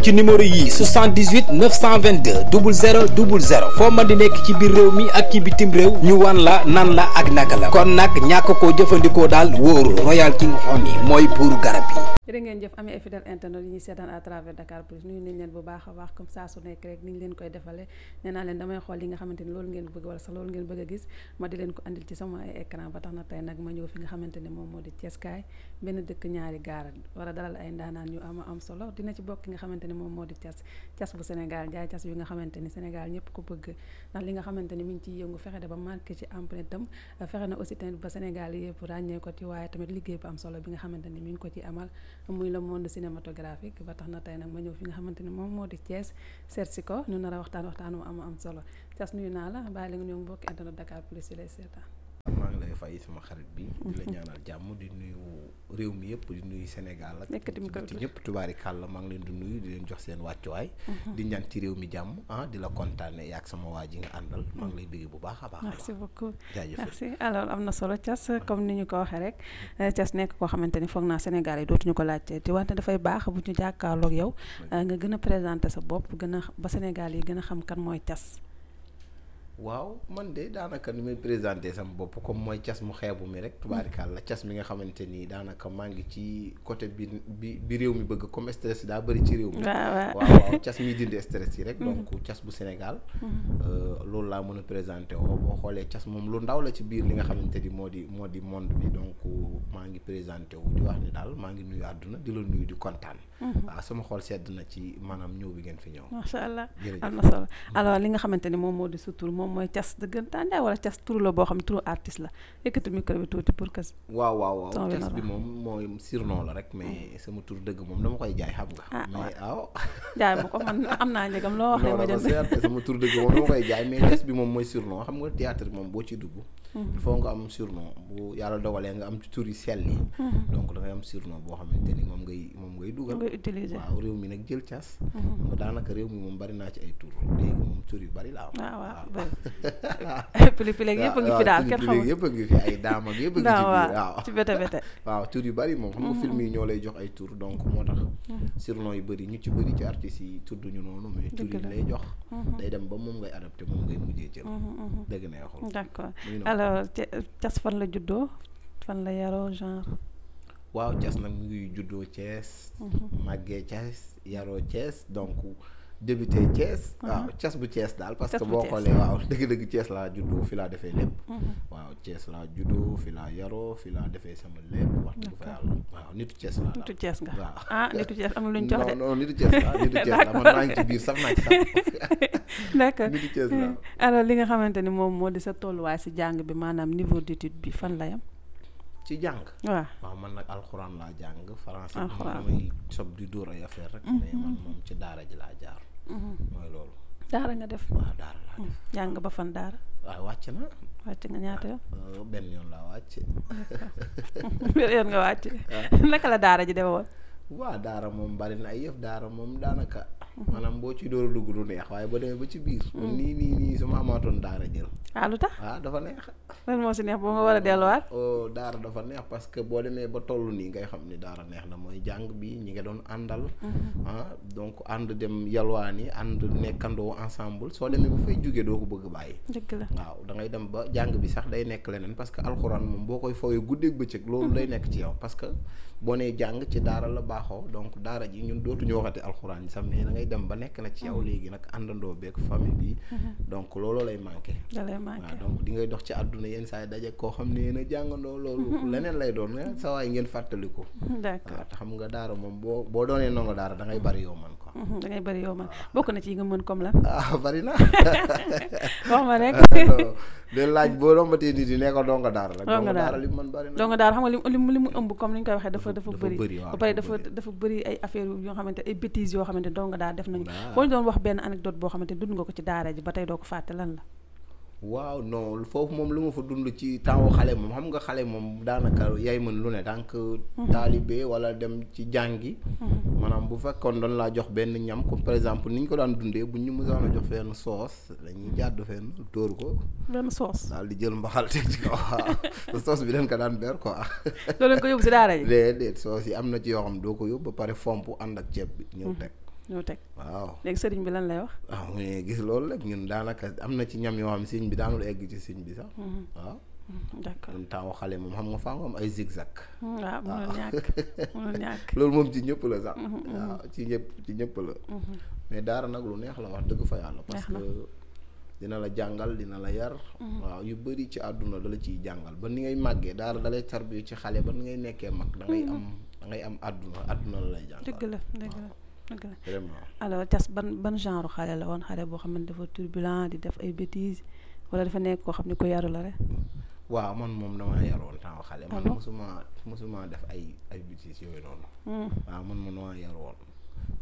ci numéro yii 78 922 00 00 foo mën di nekk ci biir réew mi ak ci bitim réew ñu wan la nan la ak naka la kon nag ñàkk koo jëfandikoo daal wóoru Royal King Honey mooy buuru garab yi. jërë ngeen jëf amee fidèle internet yi ñuy seetaan à travers a baax comme saa su nekk rek ni ñu ngeen bëgg wala sax loolu ngeen bëgg leen ko andil ci sama ay écran ba tax na tey ñëw fi nga xamante ni moom moo di Thiès benn dëkk ñaari gaar war a dalal ay ndaanaan yu am am solo dina ci bokk nga xamante ni moom moo di cas cas bu Sénégal jaay cas yu nga xamante ni Sénégal ko bëgg ndax li nga xamante ni mi ngi ciy yëngu fexe ba marqué ci empreinte am fexe na aussi ba Sénégal yëpp ràññee ko ci waaye tamit liggéey bu am solo bi nga xamante ni mi ngi ko ci amal muy le monde cinématographique ba tax na tey nag ma ñëw fi nga xamante ni moom moo di Thiès seet si ko ñu nar a waxtaan waxtaan mu am am solo cas nuyu naa la bàyyi la nga ñëw mbokki internet Dakar Plus lay seetaan bi di la ñaanal réew mi yëpp di nuyu Sénégal ak ci ñëpp tubaari kàlla maa ngi leen di nuyu di leen jox seen wàccuwaay mhm. di ñaan ci réew mi jàmm ah di la kontaane yaak sama waa ji nga àndal mhm. maa ngi lay bëgg bu baax a baax merci beaucoup jaajëf merci alors am na solo Thiass comme ni ñu ko waxee rek euh, Thiass nekk koo xamante ni foog naa Sénégal yi dootuñu ko laajte te wante dafay baax bu ñu jàkkaarloog yow euh, nga gën a présenter sa bopp gën a ba Sénégal yi gën a xam kan mooy Thiass waaw man de daanaka ni may présenté sama bopp comme mooy cas mu xeebu mi rek la cas mi nga xamante ni daanaka maa ngi ci côté bi bi bi réew mi bëgg comme stress daa bëri ci réew mi waaw waaw cas miy dindi stress rek donc mm-hmm. cas bu Sénégal mm-hmm. euh, loolu laa mën a présenté woo boo xoolee cas moom lu ndaw la ci biir li nga xamante ni moo di moo di monde bi donc maa ngi présenté wu di wax ni daal maa ngi nuyu àdduna di la nuyu di kontaan waaw mm-hmm. ah, sama xool sedd na ci maanaam ñëw bi ngeen fi ñëw macha allah am moom mooy cas dëggantaan daal wala cas turu la boo xam ne turu artiste la yëkkati micro bi tuuti pour cas waaw waaw waaw cas bi moom mooy surnom la rek mais ah. sama tur dëgg moom dama koy jaay xam nga ah, mais ma ko man am naa njëgam loo wax ne ma moom boo ci dugg mhm. il faut nga am surnom bu yàlla dogalee nga am ci tur yi sell yi mhm. donc dangay am surnom boo xamante ni moom ngay moom ngay dugal waaw réew mi nag jël cas mhm. daanaka réew mi moom bari naa ci ay tur léegi moom tur yu pileeg yëpp a ngi fi daal kenn xamul yëpp a ngi fi ay daam ak yëpp a ngi ci biir waaw ci bete bete waaw tur yu bari moom xam nga film yi ñoo lay jox ay tur donc moo tax surnom yu bëri ñu ci bëri ci artistes yi tudd ñu noonu mais tur yi lay jox day dem ba moom ngay adapté moom ngay mujjee jël dëgg na yaxul d'accord alors Thiass fan la juddoo fan la yaroo genre waaw Thiass nag mu ngi juddoo Thiès màggee Thiès yaroo Thiès donc débuté Thiès. Mhm. waaw Thiès bu Thiès daal. parce que boo xoolee waaw dëgg-dëgg Thiès laa juddoo fi laa defee lépp. Mhm. waaw Thiès laa juddoo fi laa yaroo fi laa defee sama lépp. wax dëgg fa yàlla waaw nitu Thiès laa. nitu Thiès nga waaw ah nitu Thiès amul lu ñu jox de. non non nitu Thiès laa nitu Thiès laa man naa ngi ci biir sax naa ci sax. d' accord nitu Thiès laa. alors li nga xamante ni moom moo di sa tolluwaay si jàng bi maanaam niveau d' étude bi fan la yam. ci jàng. waaw waaw man nag alxuraan laa jàng. français bi man damay sob di dóor ay affaire rek. Mhm. mais man moom ci daara ji laa jaar. Mm-hmm. mooy loolu. daara nga def. waaw daara laa def. Mm-hmm. jàng ba fan daara. waaw wàcc na. wàcc nga ñaata yoon. Ah, benn yoon laa wàcc. benn yoon nga wàcc. Ah. naka la daara ji demee woon. waaw daara moom bari na ay yëf daara moom daanaka. Mhm. maanaam boo ci door a dugg du neex waaye ba demee ba ci biir. Mm. nii nii nii su ma amaatoon daara jël. ah lu tax ah, dafa neex. lan moo si neex boo nga war a delluwaat. Oh, dafa neex parce que boo demee ba toll nii ngay xam ni daara neex na mooy jàng bi ñu nga doon àndal. Mm-hmm. ah donc ànd dem yalwaan yi ànd nekkandoo ensemble soo demee bu fay jugee doo ko bëgg bàyyi. dëgg la waaw da ngay dem ba jàng bi sax day nekk leneen parce que alxuraan moom boo koy fooyee guddeeg bëccëg. loolu day nekk ci yow parce que. boo nee jàng ci daara la baaxoo donc daara ji ñun dootuñu waxati alxuraan yi sax mais da ngay dem ba nekk na ci yow mm-hmm. léegi nag àndandoo beeg famille bi mm-hmm. donc looloo lay manqué waaw donc di ngay dox ci àdduna yenn saa yi koo xam ne yéen a jàngandoo loolu mm-hmm. leneen lay doon nga sa waay ngeen fàttaliku d'accord te xam nga daara moom boo boo doonee ndongo daara da ngay bari yoo man quoi da ngay bari yow man bokk na ci yi nga mën comme la ah bari na wax ma rek ah, léegi laaj boo rombatee nit yi nee ko donga daara la. donga daara li mu mën bëri na donga daara xam nga li mu li mu ëmb comme ni ñu koy waxee dafa dafa bëri ba pare dafa dafa bëri ay affaire yoo xamante ay bêtises yoo xamante donga daara def nañu boo ñu doon wax benn anecdote boo xamante dund nga ko ci daara ji ba tey doo ko fàtte lan la waaw non foofu moom lu ma fa dund ci temps xale moom xam nga xale moom daanaka yaay mën lu ne tànk mhm. taalibe wala dem ci jàngi mhm. maanaam bu fekkoon doon laa jox benn ñam comme par exemple ni ñu ko daan dundee bu ñu mësoon a jox fenn soos dañuy jàdd fenn tóor ko benn soos daal di jël mbaxal teg ci kaw soos bi dañ ko daan ber quoi doo leen ko yóbbu si daara yi déedéet soos yi am na ci yoo xam doo ko yóbbu ba pare fomp ànd ak ceeb bi ñëw mhm. teg ñoo teg waaw léegi bi lan lay ah, gis loolu rek ñun daanaka am na ci ñam yoo xam sëriñ bi daanul egg ci sëriñ bi sax. Mm-hmm. waaw. Mm-hmm. d'accord ñun moom xam nga faa ay zigzag. Mm-hmm. Ah, waaw loolu moom ci ñëpp la sax. waaw ci ñëpp la. mais daara nag lu neex la wax dëgg fa yàlla. parce que dina la jàngal dina la yar. waaw yu bëri ci àdduna dala ciy jàngal ba ni ngay màggee daara dalay tarbiyu ci xale ba ni ngay nekkee mag. da am da am àdduna àdduna la lay jàngal. dëgg la dëgg la. vraiment alors Thiass ban ban genre xale la woon xale boo xam ne dafa turbulent di def ay bêtises wala dafa nekk koo xam ne ko yaru la rek. waaw man moom damaa yaroon temps xale. Ah man mosuma mosuma def ay ay bêtises yooyu noonu. Hmm. waaw man man damaa yaroon.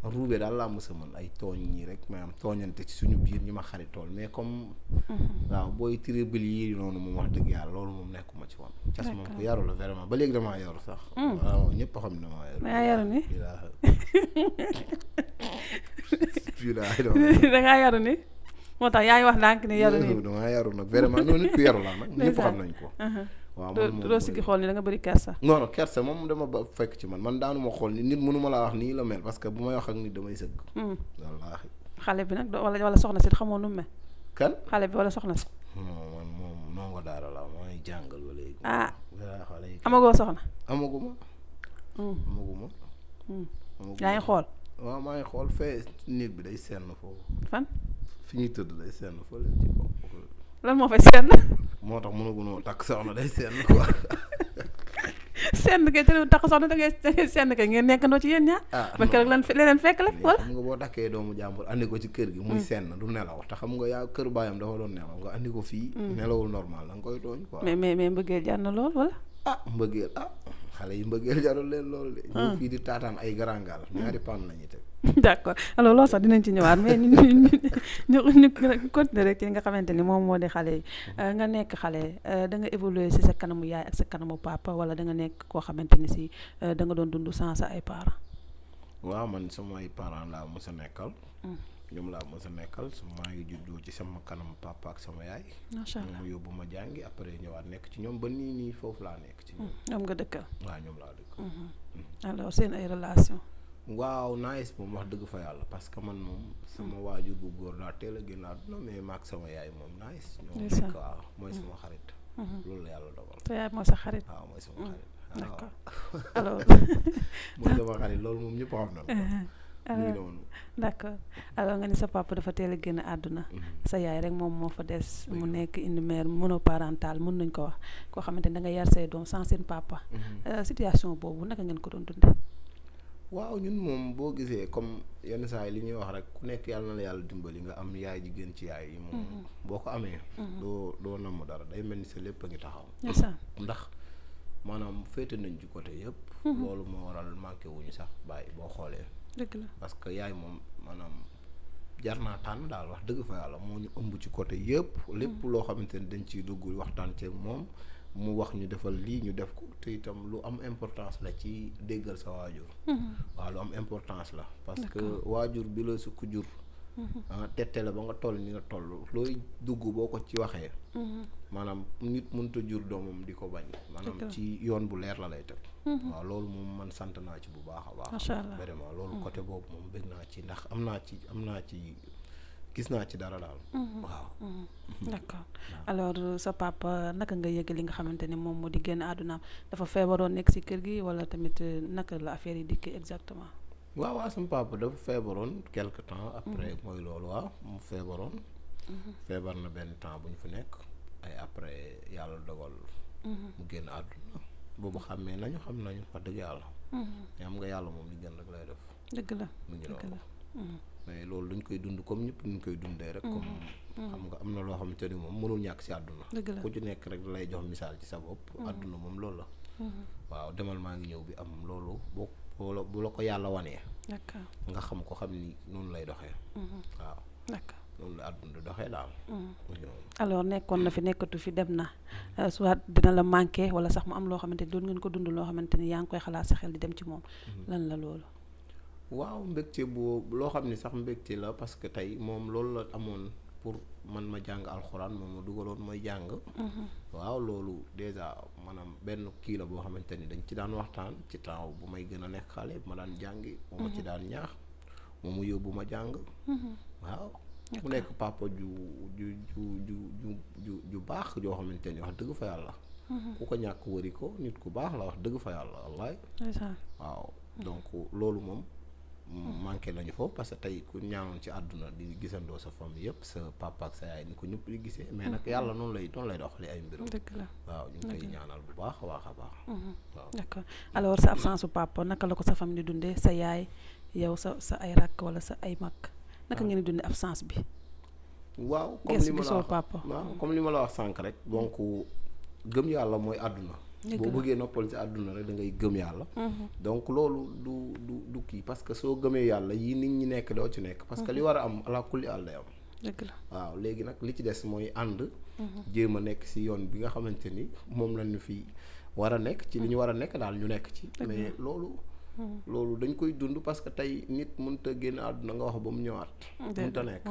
ruube daal laa mës a mën ay tooñ ñii rek maanaam tooñante ci suñu biir ñu ma xaritool mais comme. Mhm. waaw booy tribal yi noonu moom wax dëgg yàlla loolu moom nekkuma ci woon. cas moom ku yaru la ba léegi damaa yaru sax. Mm. waaw ñëpp xam ne damaa yaru. ni moo tax yaa ngi wax ndànk ni yaru ni. damaa yaru nag vraiment noonu nit ku yaru nag ñëpp xam nañ ko. Uh-huh. waaw man loo siggi xool ni da nga bëri kersa. non non kersa moom dama ba fekk ci man man daanu ma xool ni nit mënu ma laa wax nii la mel parce que bu may wax ak nit damay sëgg. Hmm. wallaahi. xale bi nag wala wala soxna si xamoo nu mu mel. kan xale bi wala soxna si. man moom nongo daara la mooy jàngal ba léegi. ah amagoo soxna. amaguma. Hmm. Hmm. amaguma. yaa ngi xool. waaw maa ngi xool fee néeg bi day senn foofu. fan. fi ñuy tëdd day senn foofu ci kaw. lan moo fay senn. moo tax mënagunoo takk soxna day senn ko senn kay te takk soxna da ngay senn kay ngeen nekkandoo ci yéen ñaar. ah non ba keroog lan leneen fekk la wala. xam nga ko ci kër gi. muy mm. senn du nelaw te xam nga yaa kër baayam dafa doon nelaw nga andi ko fii. Mm. nelawul normal da koy tooñ ko mais mais mais mbëggeel jar na lool wala. ah mbëggeel ah xale yi mbëggeel jarul leen lool de. Ah. ñu fii di taataan ay garangal ñaari pan la ñuy d' accord sax dinañ ci ñëwaat mais ñu rek ci li nga xamante ni moom moo di xale euh, nga nekk xale euh, da nga évoluer si sa kanamu yaay ak sa kanamu papa wala da nga nekk koo xamante ni si euh, da doon dund sans sa ay parents. waaw man sama ay parents laa mos nekkal. Hmm. ñoom laa mos a nekkal su maa ngi juddoo ci sama kanamu papa ak sama yaay. macha allah mu yóbbu ma jàngi après ñëwaat nekk ci ñoom ba nii nii foofu laa nekk. ci ñoom hmm, ñoom nga dëkkal. waaw ñoom laa dëkkal. Hmm, alors seen ay relation waaw nice moom wax dëgg fa yàlla parce que man moom sama waajur bu góor laa teel a génn àdduna mais maag sama yaay moom nice ñoo waaw mooy mm. sama xarit mm-hmm. loolu la yàlla dogal sa yaay sa xarit waaw mm. mooy sama xarit loolu moom ñëpp xam uh-huh. nga ni sa papa dafa teel a génn àdduna mm-hmm. sa yaay rek moom moo fa des mu nekk une mère monoparentale mun nañ ko wax koo xamante ne da nga yar say doom san seen papa mm-hmm. euh, situation boobu naka ngeen ko doon dundee waaw ñun moom boo gisee comme yenn saa yi li ñuy wax rek ku nekk yàlla na la yàlla dimbali nga am yaay jigéen ci yaay yi. moom mm-hmm. boo ko amee. Mm-hmm. doo doo namm dara day mel ni sa lépp a ngi taxaw. ndax maanaam féete nañ ci côté yëpp. Mm-hmm. loolu moo waral manqué wuñu sax bàyyi boo xoolee. dëgg la parce que yaay moom maanaam jar naa tànn daal wax dëgg fa yàlla moo ñu ëmb ci côté yëpp. lépp loo xamante ni dañ ciy dugg waxtaan ceeg moom. mu wax ñu defal lii ñu def ko te itam lu am importance la ci déggal sa waajur mm-hmm. waaw lu am importance la parce que waajur bi la sukk jur mm-hmm. ah tette la ba nga toll ni la toll looy dugg boo ko ci waxee mm-hmm. maanaam nit mënut a jur doomam di ko bañ maanaam ci yoon bu leer la lay teg waaw loolu moom man sant naa ci bu baax a baax vraiment loolu côté boobu moom bëgg naa ci ndax am naa ci am naa ci gis naa ci dara daal. Mhm, waaw. Mhm. d'accord euh, sa papa naka nga yëg li nga xamante ne moom moo di génn àddunaam dafa feebaroon nekk si kër gi walla tamit euh, naka la affaire yi dikkee exactement. waaw waaw sama papa dafa feebaroon quelque temps mhm. après mooy loolu waaw mu feebaroon. feebar na benn temps bu ñu fi nekk ay après yàlla dogal. mu génn àdduna boobu xàmmee nañu xam nañu wax dëgg yàlla. mu nga yàlla moom li gën rek lay def. dëgg la dëgg mais loolu dañ koy dund comme ñëpp ñu koy dundee rek. Mm-hmm. comme mm-hmm. xam nga am na loo xamante ni moom mënul ñàkk si àdduna. ku ci nekk rek lay jox misaal ci sa bopp. Mm-hmm. àdduna moom loolu la. waaw demal maa ngi ñëw bi am loolu boo bu la ko yàlla wanee. nga xam ko xam ni noonu lay doxee. waaw loolu la àdduna doxee daal. alors nekkoon na fi nekkatu fi dem na euh, soit dina la manqué wala sax mu am loo xamante ni doon ngeen ko dund loo xamante ni yaa ngi koy xalaat sa xel di dem ci moom. lan la loolu. waaw mbégte boo loo xam ne sax mbégte la parce que tey moom loolu la amoon pour man ma jàng alxuraan moom ma dugaloon mooy jàng. Mm-hmm. waaw loolu déjà maanaam benn kii la boo xamante ni dañ ci daan waxtaan ci temps bu may gën a nekk xale ma daan jàngi. moo ma ci mm-hmm. daan ñaax moom mu yóbbu ma jàng. Mm-hmm. waaw. mu nekk papa ju ju ju ju ju ju baax joo xamante ni wax dëgg fa yàlla. ku ko ñàkk wëri ko nit ku baax la wax dëgg fa yàlla wallaay. waaw donc loolu moom. manqué lañu foofu parce que tey ku ñaanoon ci àdduna di gisandoo sa famille yëpp sa papa ak sa yaay ni ko ñëpp di gisee. mais nag mm-hmm. yàlla noonu lay noonu lay doxalee ay mbirum. dëgg la waaw ñu ngi koy ñaanal bu baax a baax a baax. Mm-hmm. waaw sa absence su papa naka la ko sa famille di dundee sa yaay yow sa sa ay rakk wala sa ay mag. naka ah. ngeen di absence bi. waaw comme li ma la wax papa. waaw mm-hmm. comme li ma la wax sànq rek donc gëm yàlla mooy àdduna. boo bëggee noppal ci àdduna rek dangay gëm yàlla mhm. donc loolu du du du kii parce que soo gëmee yàlla yi nit ñi nekk doo ci nekk parce que li mhm. war a am ala kulli àll day am léegi nag li ci des mooy ànd mhm. jéem a nekk si yoon bi nga xamante ni moom lañu fi war a nekk ci li ñu war a nekk daal ñu nekk ci mais loolu loolu dañ koy dund parce que tey nit mënut a génn àdduna nga wax ba mu ñëwaat mënut a nekk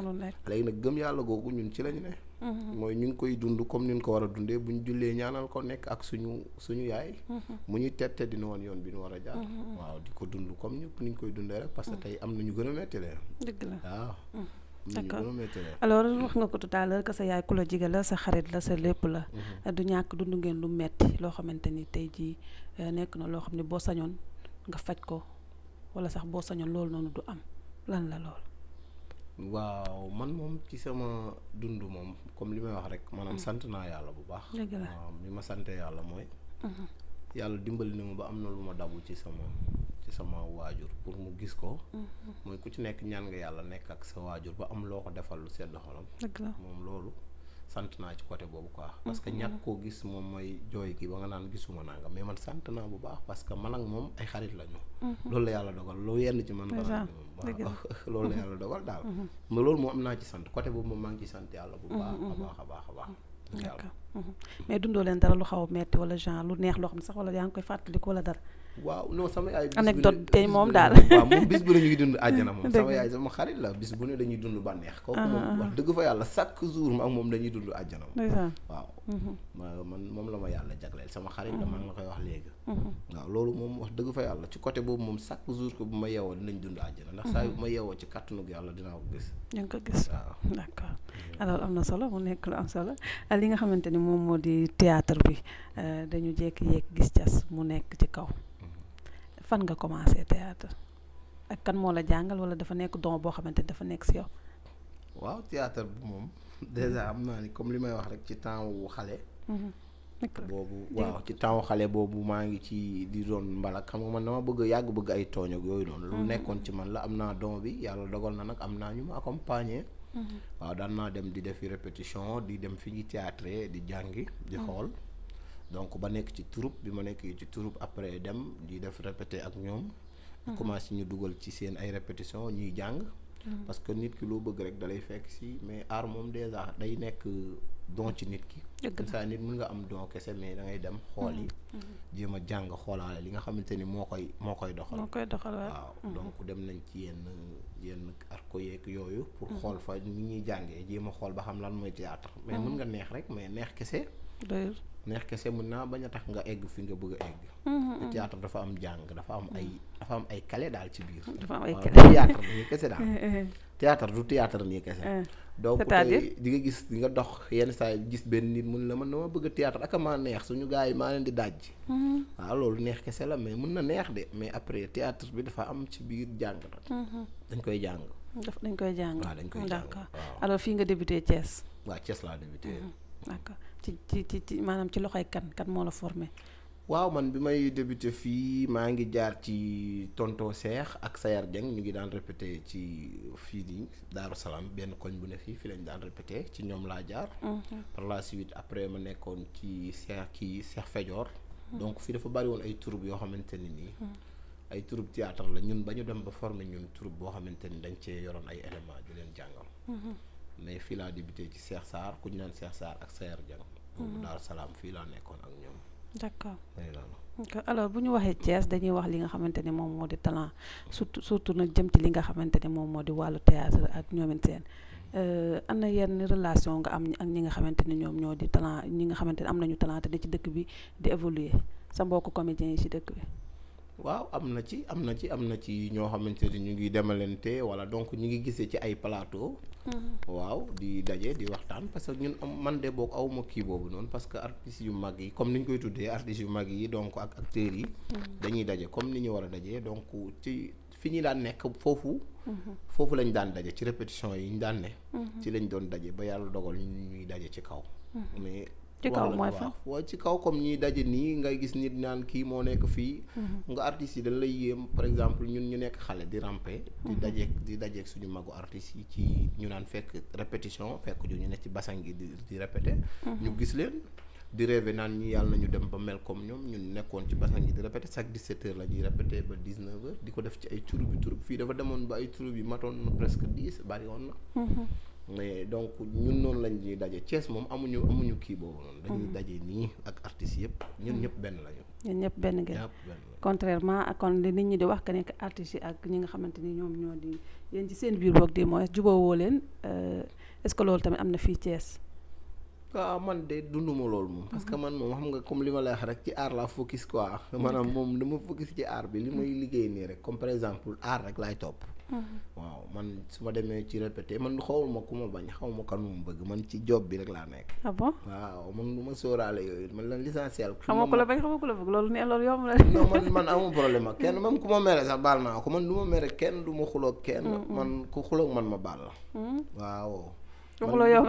léegi nag gëm yàlla googu ñun ci lañu ne Mm-hmm. mooy ñu ngi koy dund comme ni ñu ko war a dundee bu ñu jullee ñaanal ko nekk ak suñu suñu yaay. Mm-hmm. mu ñuy tette dina woon yoon bi ñu war a jaar. Mm-hmm. waaw di ko dund comme ñëpp nu ñu koy dundee rek parce que tey am na ñu gën a métti leen. dëgg la waaw. d'accord alors wax nga ko tout à l'heure sa yaay ku la jige la sa xarit la sa lépp la. du ñàkk dund ngeen lu metti loo xamante ni tey jii euh, nekk na loo xam ne boo sañoon nga faj ko walla sax boo sañoon loolu noonu du am lan la lool. waaw man moom ci sama dund moom comme li may wax rek maanaam mm. sant naa yàlla bu baax. dëgg waaw bi ma sante yàlla mooy. Mm-hmm. yàlla dimbali na ma ba am na lu ma dabu ci sama ci sama waajur pour mu gis ko. Mm-hmm. mooy ku ci nekk ñaan nga yàlla nekk ak sa waajur ba am loo ko defal lu sedd xolam. moom loolu. sant naa ci côté boobu quoi. Mm-hmm. parce que ñàkk koo gis moom mooy jooy gi ba nga naan gisuma nangam mais man sant naa bu baax parce que man moom ay xarit lañu. Mm-hmm. loolu la yàlla dogal lu yenn ci man. dèjà mm-hmm. naa ci sant côté boobu moom maa ci sant yàlla bu baax a baax a baax a mais dundoo leen dara lu xaw a metti wala genre lu neex loo xam sax wala yaa ngi koy fàttaliku wala dara. waaw non sama yaay. anecdote tey moom daal bis bu ne ñuy dund àjjana moom. sama yaay sama xarit la bis bu ne dañuy dund bànneex. kooku moom ah, ah, ah. wax dëgg fa yàlla chaque jour ma moom dañuy dund àjjana moom. waaw. Mhm. ma man moom la ma yàlla jagleel sama xarit la mhm. man la koy wax léegi. Mhm. waaw loolu moom wax dëgg fa yàlla ci côté boobu moom chaque jour que bu ma yeewoo dinañ dund àjjana ndax saa yu bu ma yeewoo ci kàttanu yàlla dinaa ko gis. ñu ngi ko gis waaw d' accord alors am na solo mu nekk lu am solo li nga xamante ni moom moo di théâtre bi euh, dañu jékki-jékki gis cas mu nekk ci kaw fan nga commencé théâtre ak kan moo la jàngal wala dafa nekk don boo xamante dafa nekk si yow. waaw théâtre bi moom déjà am naa ni comme li may wax rek ci temps wu xale. Mhm. boobu ci temps xale boobu maa ngi ci di doon mbalak xam nga ma dama bëgg yàgg bëgg ay tooñ ak yooyu noonu. lu mhm. nekkoon ci man la am naa don bi yàlla dogal na nag am naa ñu mu accompagner. Mhm. waaw daan naa dem di defi répétition di dem fi ñuy théâtre di jàngi di xool. donc ba nekk ci troupe bi ma nekkee ci troupe après dem di def répété ak ñoom. Mhm. commencé ñu dugal ci seen ay répétition ñuy jàng. Mhm. parce que nit ki loo bëgg rek dalay fekk si mais art moom déjà day nekk donc ci nit ki. dëgg saa nit mën nga am donc kese mais da ngay dem xool yi. Mhm. jéem a jàng xoolaale li nga xamante ni moo koy moo koy doxal. moo koy doxal waaw donc dem nañ ci yenn yenn arco yeeg yooyu. pour xool fa ni ñuy jàngee jéem a xool ba xam lan mooy théâtre mais mën nga neex rek mais neex kese. neex kese mun naa bañ a tax nga egg fi nga bëgg a egg. Mm-hmm. te dafa am jàng dafa am ay dafa am ay kale daal ci biir. dafa am ay kale théâtre nii kese daal. Eh, eh. théâtre du théâtre nii kese. Eh. di nga gis di nga dox yenn saa gis benn nit mun la man dama bëgg a théâtre ak maa neex suñu gars yi maa leen di daj. Mm-hmm. waaw loolu neex kese la mais mun na neex de mais après théâtre bi dafa am ci biir jàng la. Mm-hmm. dañ koy jàng. dañ koy jàng waaw dañ koy jàng fii nga débuté Thiès. waaw Thiès laa débuté. ci ti ci maanaam ci loxoy kan kan moo la formé. waaw man bi may débuté fii maa ngi jaar ci tonton Seex ak Sayar Dieng ñu ngi daan répété ci fii nii Daaru Salaam benn koñ bu ne fii fi lañ daan répété ci ñoom laa jaar. Mhm. par la suite après ma nekkoon ci Seex kii Seex Fejoor. Mhm. donc fii dafa bari woon ay troupe yoo xamante ne nii. Mhm. ay troupe théâtre la ñun ba ñu dem ba formé ñun troupe boo xamante ni dañ cee yoroon ay éléments di leen jàngal. mais fii laa débuté ci Seex Saar ñu naan Seex Saar ak Sayar Dieng. boobu mm-hmm. daal salaam fii laa nekkoon ak ñoom. bu ñu waxee cees dañuy wax li nga xamante ne moom moo di talent surtout surtout nag jëm ci li nga xamante ne moom moo di wàllu théâtre ak ñoomin seen euh, am na yenn relation nga am ak ñi nga xamante ne ñoom ñoo di talent ñi nga xamante ne am nañu talent te di ci dëkk bi di évoluer sa mbokk comédien yi ci dëkk bi. waaw am na ci am na ci am na ci ñoo xamante ni ñu ngi demalente wala donc ñu ngi gisee ci ay palaato mm-hmm. waaw di daje di waxtaan parce que ñun am man de boog awma kii boobu noonu parce que artistes yu mag yi comme ni ñu koy tuddee artistes yu mag yi donc ak acteurs yi. Mm-hmm. dañuy daje comme ni ñu war a daje donc ci fi ñu daan nekk foofu. Mm-hmm. foofu lañ daan daje ci répétition yi ñu daan ne. ci lañ doon daje ba yàlla dogal ñu ñuy daje ci kaw. ci kaw ci kaw comme ñiy daje nii ngay gis nit naan kii moo nekk fii. Mm-hmm. nga artistes yi dañ lay yéem par exemple ñun ñu nekk xale di rampe. di mm-hmm. dajeeg di dajeeg suñu magu artistes yi ci ñu naan fekk répétition fekk ñu ne ci basan gi di di répété. Mm-hmm. ñu gis leen. di rêvé naan ñi yàlla nañu dem ba mel comme ñoom ñun nekkoon ci basang gi di répété chaque 17 heures la ñuy répété ba 19 di ko def ci ay turub bi turub fii dafa demoon ba ay turub yi matoon na presque 10 bari woon mais donc ñun noonu lañ ñuy daje cees moom amuñu amuñu kii boobu noonu. Mm-hmm. dañuy daje nii ak artistes yëpp ñun ñëpp benn lañu. ñun ñëpp benn ngeen. contrairement ak kon li nit ñi di wax que nekk artistes yi ak ñi nga xamante ni ñoom ñoo di yéen ci seen biir boog di mooy jubóowoo leen euh, est-ce que loolu tamit am na fii cees waaw ah, man de dunduma loolu moom. parce man moom xam nga comme li ma lay wax rek ci aar laa focus quoi. maanaam moom dama focus ci aar bi li may liggéey nii rek comme par exemple aar rek laay topp. Mm-hmm. waaw man su ma demee ci répété man xawma ku ma bañ xawma kan mu bëgg man ci job bi rek laa nekk. ah bon waaw ma sóoraale yooyu man lan l'essentiel. xamoo ku la bañ xamoo ku bëgg loolu nee loolu yomb la. non man amul problème kenn même ku ma mere sax baal naa ko man du ma mere kenn du ma xuloog kenn. man ku xuloog man ma baal la. Mm-hmm. waaw. waxuloo yow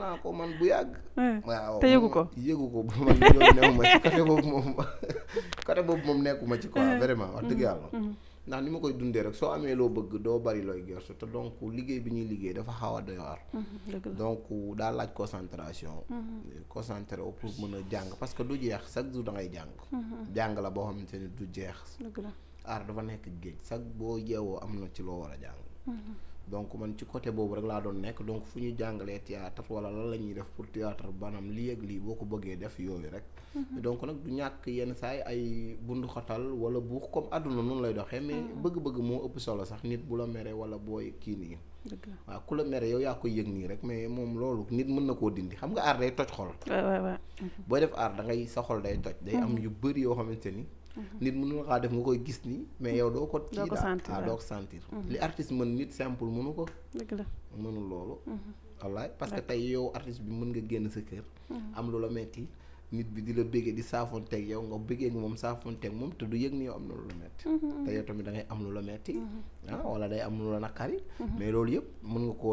naa ko man bu yàgg. Eh, waaw te ko yëgu ko man loolu newuma ci boobu moom nekkuma ci quoi eh, vraiment dëgg mm-hmm, yàlla. Mm-hmm. ndax ni ma koy dundee rek soo amee loo bëgg doo bari looy gersu donc liggéey bi ñuy liggéey dafa xaw a doy mm-hmm, donc daa laaj concentration eh, concentré wu pour mën a jàng parce que du jeex chaque jour dangay ngay jàng jàng la boo xamante ni du jeex aar dafa nekk géej chaque boo yeewoo am na ci loo war a jàng donc man ci côté boobu rek laa doon nekk donc fu ñu jàngalee théâtre wala lan la ñuy def pour théâtre banam lii ak lii boo ko bëggee def yooyu rek mhm. donc nag du ñàkk yenn saay ay bunduxatal wala buux comme àdduna noonu lay doxee mais mhm. bëgg-bëgg moo ëpp solo sax nit bu la mere wala booy kii nii waaw ku la mere yow yaa koy yëg nii rek mais moom loolu nit mën na koo dindi xam nga aar day toj xol mhm. booy def aar da ngay sa xol day toj day am yu bëri yoo xamante ni nit mënul xaa def nga koy gis ni mais yow doo ko kii daal ah, doo ko sentir mhm. li artiste mën nit simple mënu ko dëgg loolu mhm. wallaay parce que tey yow artiste bi mën nga génn sa kër mhm. am lu la metti nit bi di la bëggee di saafoonteeg yow nga bëggee ak moom saafoonteeg moom te du yëg ni yow am na lu la metti te yow tamit da ngay am lu la metti ah wala day am lu la naqari mais loolu yëpp mën nga ko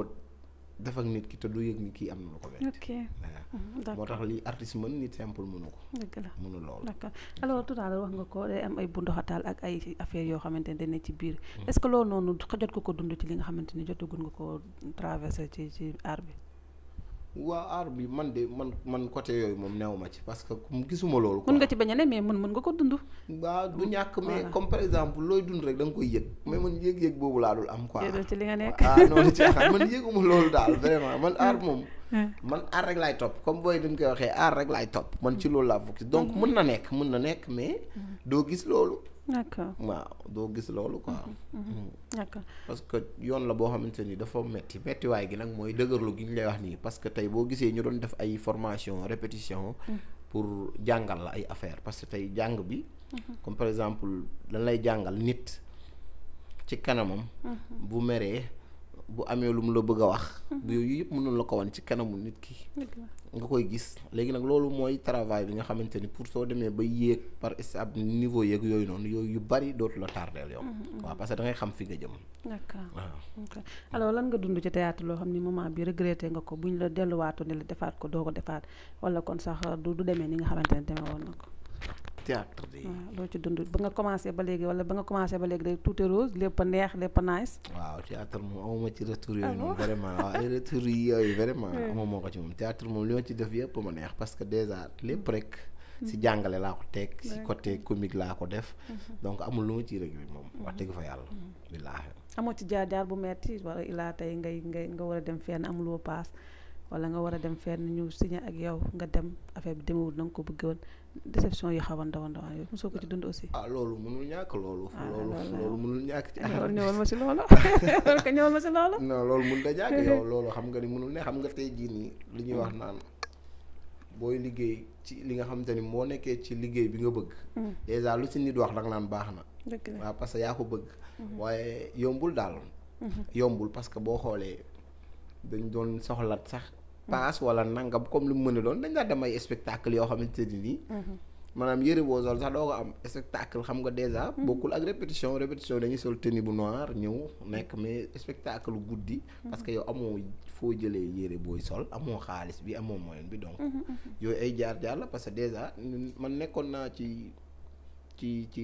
def ak nit ki te du yëg ni kii am na lu ko bett. ok ah, d'accord moo tax li artiste mën nit simple munu ko. dëgg la mënu loolu. d'accord alors tout à wax nga ko day am ay bundoxataal ak ay affaires yoo xamante ne dañ ci biir. Mm. est-ce que loolu noonu jot ko ko dund ci li nga xamante ni jotagul nga ko traversé ci ci aar bi. waaw aar bi man de man man côté yooyu moom neew ma ci parce que gisuma loolu. quoi mën nga ci bañ a ne mais mën mën nga ko dund. waaw du ñàkk mais comme par exemple looy dund rek da nga koy yëg mais man yëg-yëg boobu laa dul am. quoi ci li nga nekk ah non man yëguma loolu daal vraiment man aar hmm. moom. Hmm. man aar rek laay topp comme booy dañ waxee aar rek laay topp. man ci loolu laa focus donc hmm. mën na nekk mën na nekk mais doo gis loolu. d'accord waaw doo gis loolu quoi. Mhm, mhm. Mm. d'accord parce que yoon la boo xamante ni dafa metti mettiwaay gi nag mooy dëgërlu gi ñu lay wax nii parce que tey boo gisee ñu doon def ay formation répétition. Mm. pour jàngal la ay affaire parce que tey jàng bi. Mhm. comme par exemple dañ lay jàngal nit ci kanamam. bu meree. bu amee lu mu la bëgg a wax. Mhm. bu yooyu yëpp mënoon la ko wan ci kanamu nit ki. nga koy gis léegi nag loolu mooy travail bi nga xamante ni pour soo demee ba yéeg par ab niveau yéeg yooyu noonu yooyu yu bari dootula la tardeel yow. Mhm, mhm. waaw parce que da ngay xam fi nga jëm. d'accord aloo lan nga dund ci théâtre loo xam ni moment bi regretté nga ko ñu la delluwaatu ne la defaat ko doo ko defaat wala kon sax du du demee ni nga xamante ne demee woon na ko. théâtre di ah, loo ci dund ba nga commencé ba léegi wala ba nga commencé ba léegi rek tout est rose lépp a neex lépp a nice waaw théâtre moom amuma ci retour yooyu moom ah vraiment waaw ay retour yi yooyu vraiment amuma ko ci moom théâtre moom li ma ci def yëpp ma neex parce que déjà lépp rek mm-hmm. si jàngale laa ko teg si côté laa ko def mm-hmm. donc amul lu ma ciy rek moom mm-hmm. wax dëgg fa yàlla billaahi ci jaar jaar bu metti wala ilaa tey ngay ngay nga war a dem fenn amuloo paas wala nga war a dem fenn ñu signé ak yow nga dem affaire bi demewul na nga ko bëggoon déception yu xaw a ndaw ndaw yooyu mosoo ko ci dund aussi. ah loolu mënul ñàkk loolu. Ah, loolu loolu mënul ñàkk ci. Ah, ñëwal ma si loola ñëwal ma si loola. non loolu mënul da ñàkk yow loolu xam nga ni mënul ne xam nga tey jii nii li ñuy wax naan booy liggéey ci li nga xamante ni moo nekkee ci liggéey bi nga bëgg. Mm. dèjà lu ci nit wax danga baax na. waaw parce que yaa ko bëgg. Mm-hmm. waaye yombul daal. Mm-hmm. yombul parce que boo xoolee dañ doon soxlaat sax. paas wala nangam comme lu mu mën doon dañ daa dem ay spectacle yoo xamante ne nii. Mhm. maanaam yëre boo sol sax doo ko am spectacle xam nga déjà mhm. bokkul ak répétition répétition dañuy sol tenue bu noir ñëw nekk mhm. mais spectacle guddi parce que yow amoo foo jëlee yére booy sol amoo xaalis bi amoo moyen bi donc yooyu ay jaar-jaar la parce que déjà man nekkoon naa ci ci ci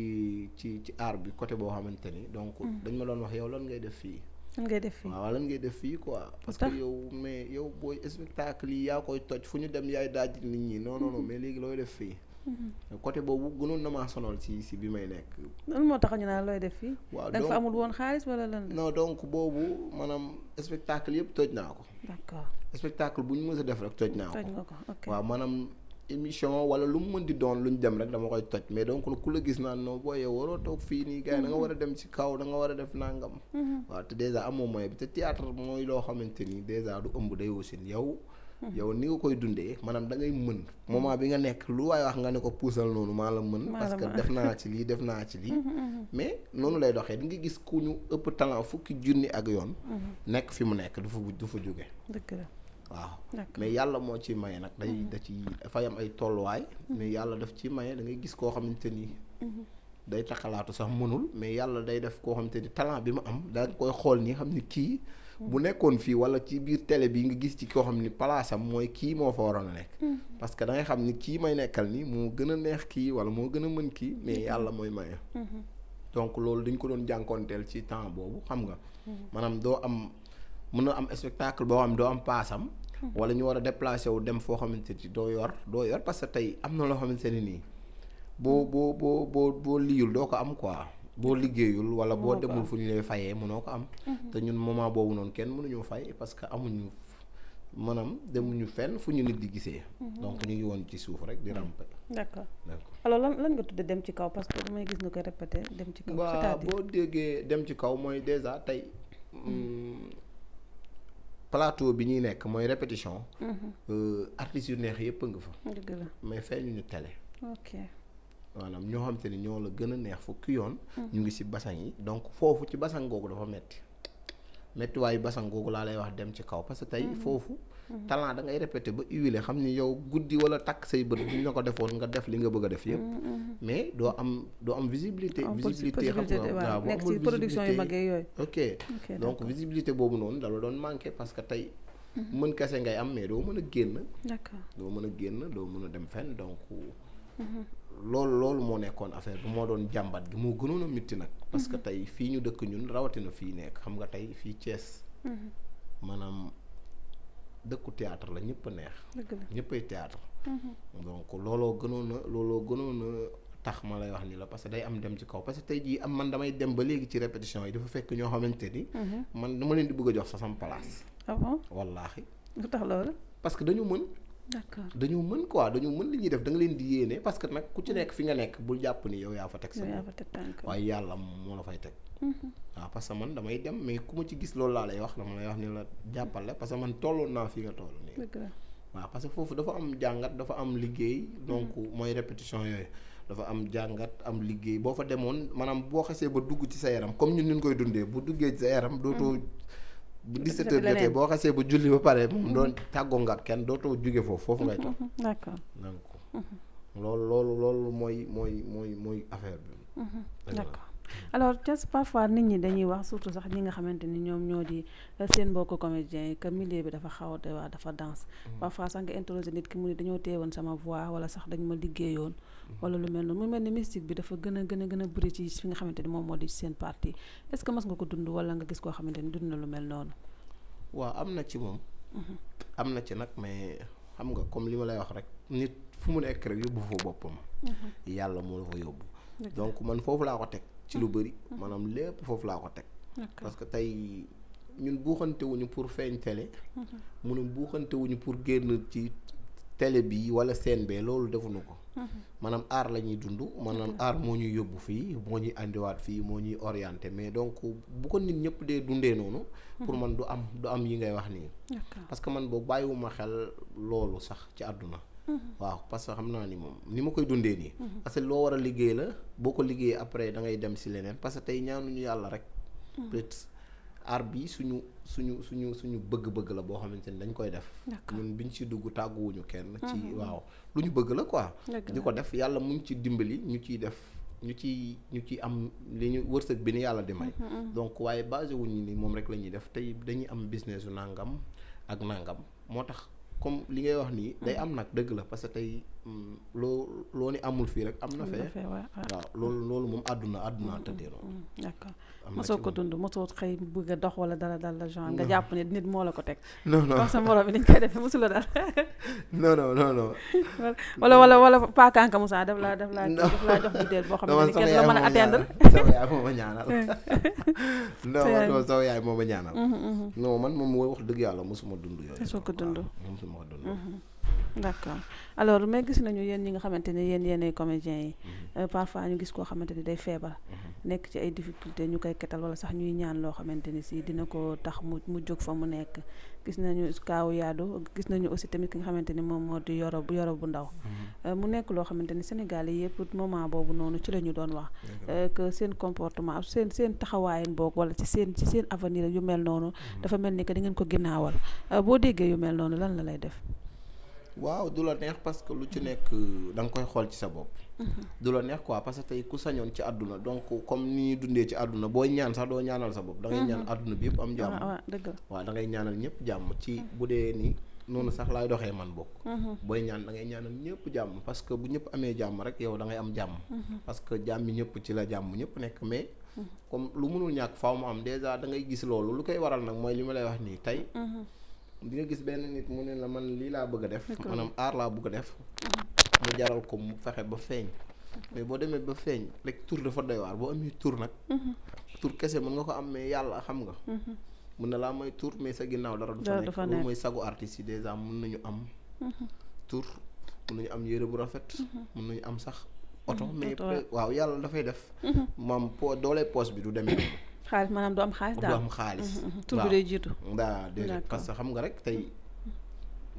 ci ci art bi côté boo xamante ni donc dañ ma doon wax yow lan ngay def fii lan ngay def fii waaw lan ngay def fii quoi. parce que yow mais yow booy spectacle yi yaa koy toj fu ñu dem yaay daaj nit ñi non non non mm-hmm. mais léegi looy def fii. Mm-hmm. côté boobu gënoon na maa sonal ci si bi may nekk. lan moo tax ñu naa looy def fii. waaw da nga fa amul woon xaalis wala lan non donc boobu maanaam spectacle yëpp toj naa ko. d'accord spectacle bu ñu mës a def rek toj naa ko. waaw maanaam émission wala lu mu mën di doon lu ñu dem rek dama koy toj mais donc ku la gis naa non booyee waroo toog fii nii gars yi da war a dem ci kaw da nga war a def nangam. Mhm. waaw te amoo moyen bi te théâtre mooy loo xamante ni dèjà du ëmb day wasin yow. Mhm. yow ni koy dundee maanaam da ngay mën moment bi nga nekk lu wax nga ne ko puusal noonu maa la mën parce que def naa lii def naa ci lii mhm, mais noonu lay doxee di nga gis ku ñu ëpp talent fukki junni ak yoon nekk fi mu nekk du fa du fa jóge waaw mais yàlla moo ci maye nag day mm-hmm. da ci dafa am ay tolluwaay mm-hmm. mais yàlla def ci maye da ngay gis koo xamante ni mm-hmm. day taxalaatu sax mënul mais yàlla day def koo xamante ni talent bi mu am da koy xool ni xam ni kii bu nekkoon fii wala ci biir télé bi nga gis ci koo xam ni palaasam mooy kii moo fa waroon a nekk parce que da xam ni kii may nekkal ni moo gën a neex kii wala moo gën a mën kii mais yàlla mooy maye donc loolu dañ ko doon jànkoonteel ci temps boobu xam nga maanaam doo am mën a am spectacle boo xam doo am paasam wala ñu war a déplacé wu dem foo xamante ni doo yor doo yor parce que tey am na loo xamante ne nii boo boo boo boo boo liyul doo ko am quoi boo liggéeyul wala boo demul fu ñu lay fayee mënoo ko am mhm. te ñun moment boobu noonu kenn mënuñoo fay parce que amuñu maanaam demuñu fenn fu ñu nit di gisee mhm. donc ñu ngi woon ci suuf rek di rampe mhm. d'accord d'accord alors lan lan nga tudde dem ci kaw parce que bu may gis nga koy répété dem ci kaw boo déggee dem ci kaw mooy déjà tey mm, plateau bi ñuy nekk mooy répétition. Mhm. Euh, artistes yu neex yëpp nga fa. mais fay ñu ñu télé. ok maanaam ñoo xam te ni ñoo la gën a neex fukki yoon. Mhm. ñu ngi si basang yi donc foofu ci basang googu dafa metti méttiwaayu basang googu laa lay wax dem ci kaw parce que tey mhm. foofu. talent da ngay répété ba huilé xam ni yow guddi wala takk say bët bu ñu la ko defoon nga def li nga bëgg a def yëpp mm, mm, mm. mais doo am doo am visibilité ah, visibilité xam nga waaw nekk ci production yu mag yooyu ok donc visibilité boobu noonu dala doon manqué parce que tey mm-hmm. mën kese ngay am mais doo mën a génn d'accord doo mën a génn doo mën a dem fenn donc mm-hmm. loolu loolu moo nekkoon affaire bi moo doon jàmbat gi moo gënoon a métti nag parce que mm-hmm. tey fii ñu dëkk ñun rawatina fii nekk xam nga tey fii cees maanaam dëkku théâtre la ñëpp a neex. ñëppay théâtre mhm. donc looloo gënoon a looloo gënoon a tax ma lay wax ni la parce que day am dem ci kaw parce que tey jii am man damay dem ba léegi ci répétition yi dafa fekk ñoo xamante ni. Mhm. man dama leen di bëgg a jox sa sama place. ah bon wallaahi. tax loolu. parce que dañu mën. d'accord dañu mën quoi dañu mën li ñuy def da nga leen di yéene parce que nag ku ci mhm. nekk fi nga nekk bul jàpp ni yow yaa fa teg sa. waaye yàlla moo la fay teg. waaw mm-hmm. ah, parce que man damay dem mais ku ma ci gis loolu laa lay wax dama lay wax ni la jàppale la que man tolloon naa fi nga toll nii. waaw parce que foofu dafa am jàngat dafa am liggéey. donc mm-hmm. mooy répétition yooyu. dafa am jàngat am liggéey boo fa demoon maanaam boo xasee ba dugg ci sa yaram comme ñun ñu koy dundee bu duggee ci sa yaram. dootoo mm-hmm. bu 17 heures boo xasee ba julli ba pare moom doon tàggoo nga kenn dootoo jóge foofu foofu ngay toog. d'accord ko loolu loolu loolu mooy mooy mooy mooy affaire bi. alors Thiès parfois nit ñi dañuy wax surtout sax ñi nga xamante ni ñoom ñoo di euh, seen mbokk comédien yi que milieu bi dafa xaw a waa dafa danse mm. parfois sax nga interroger nit ki mu ne dañoo teewoon sama voix wala sax dañ ma liggéeyoon mm. wala lu mel noonu mu mel ni mystique bi dafa gën a gën a gën a bëri ci fi nga xamante ni moom moo di ci seen parti est ce que nga ko dund wala nga gis koo xamante ni dund na lu mel noonu waaw am na ci moom mm-hmm. am na ci nag mais xam nga comme li ma lay wax rek nit fu mu nekk rek yóbbu fa boppam mm-hmm. yàlla moo la fa donc man foofu laa ko teg ci lu bëri maanaam lépp foofu laa ko teg parce que tey ñun buuxantewuñu pour feeñ télé mhm. munum buuxantewuñu pour génn ci tele bi wala seen bee loolu defuñu ko mhm. maanaam aar la ñuy dund maanaam aar moo ñuy yóbbu fii moo ñuy indiwaat fii moo ñuy orienté mais donc bu ko nit ñëpp dee dundee noonu pour mhm. man du am du am yi ngay wax nii parce que man boo bàyyiwuma xel loolu sax ci àdduna waaw parce que xam naa ni moom ni ma koy dundee nii. Mm-hmm. parce que loo war a liggéey la boo ko liggéeyee après da ngay dem si leneen parce que tey ñaanuñu yàlla rek. Mm-hmm. peut-être aar bi suñu suñu suñu suñu bëgg-bëgg la boo xamante ni dañ koy def. ñun biñ ci dugg tàgguwuñu kenn. ci mm-hmm. waaw lu ñu bëgg la quoi. di ko def yàlla mu ci dimbali ñu ciy def. ñu ci ñu ci am li ñu wërsëg bi ni yàlla di may. donc waaye basé wuñu ni moom rek la ñuy def tey dañuy am business su nangam nangam moo tax. comme li ngay wax nii day mm. am na ak dëgg la parce que tey Mm, loo loo ni amul fii am na fee waaw loolu loolu moom àdduna àdduna mm, mm, tëddee noonu d'accord mosoo ko dund mosoo xëy a dox wala dara dal la la ko teg ne kenn a atteindre sama yaay man moom wax dëgg yàlla mosuma dund yooyu mosoo ko dund d' accord alors mais gis nañu yéen ñi nga xamante ni yéen yéenay comédiens yi mhm. euh, parfois ñu gis koo xamante ni day feebar mhm. nekk ci ay difficulté ñu koy ketal wala sax ñuy ñaan loo xamante ni si dina ko tax mu mu jóg fa mu nekk gis nañu kaawu yaadu gis nañu aussi tamit ki nga xamante ni moom moo di yoro yoro bu ndaw mhm. euh, mu nekk loo xamante ni Sénégal yi yëpp moment boobu noonu ci la ñu doon wax euh, que seen comportement seen seen taxawaayin boog wala ci seen ci seen avenir yu mel noonu dafa mel ni que di ngeen ko ginnaawal boo déggee yu mel noonu lan la lay def waaw du la neex parce que lu ci nekk da nga koy xool ci sa bopp. Mhm. du la neex quoi parce que tey ku sañoon ci àdduna donc comme ni ñuy dundee ci àdduna booy ñaan sax doo ñaanal sa bopp. da ngay ñaan mhm. àdduna bi yëpp am jàmm. waaw ah, ah, dëgg la waaw da ngay ñaanal ñëpp jàmm ci mhm. bu dee ni noonu sax laay doxee man bokk. booy ñaan da ngay ñaanal ñëpp jàmm parce que bu ñëpp amee jàmm rek yow da ngay am jàmm. parce que jàmm ñëpp ci la jàmm ñëpp nekk mais. comme lu mënul ñàkk faaw mu am dèjà da ngay gis loolu lu koy waral nag mooy li ma lay wax nii tey. di nga gis benn nit mu ne la man lii laa bëgg def def maanaam aar laa bëgg a def ah. mu jaral ko mu fexe ba feeñ mais boo demee ba feeñ rek tur dafa doy waar boo amee tur nag mm-hmm. tur kese mën nga ko am mais yàlla xam nga mm-hmm. mën na laa may tur mais sa ginnaaw dara du fa nekk mooy sagu artistes yi dèjà mën nañu am mm-hmm. tur mën nañu am yére bu rafet mën nañu am sax oto mais waaw yàlla dafay def maam po doolee poos bi du demee xaalis maanaam du am xaalis daal du am xaalis. Mhm, mhm. tur bi day jiitu. daa déedéet parce que xam nga rek tey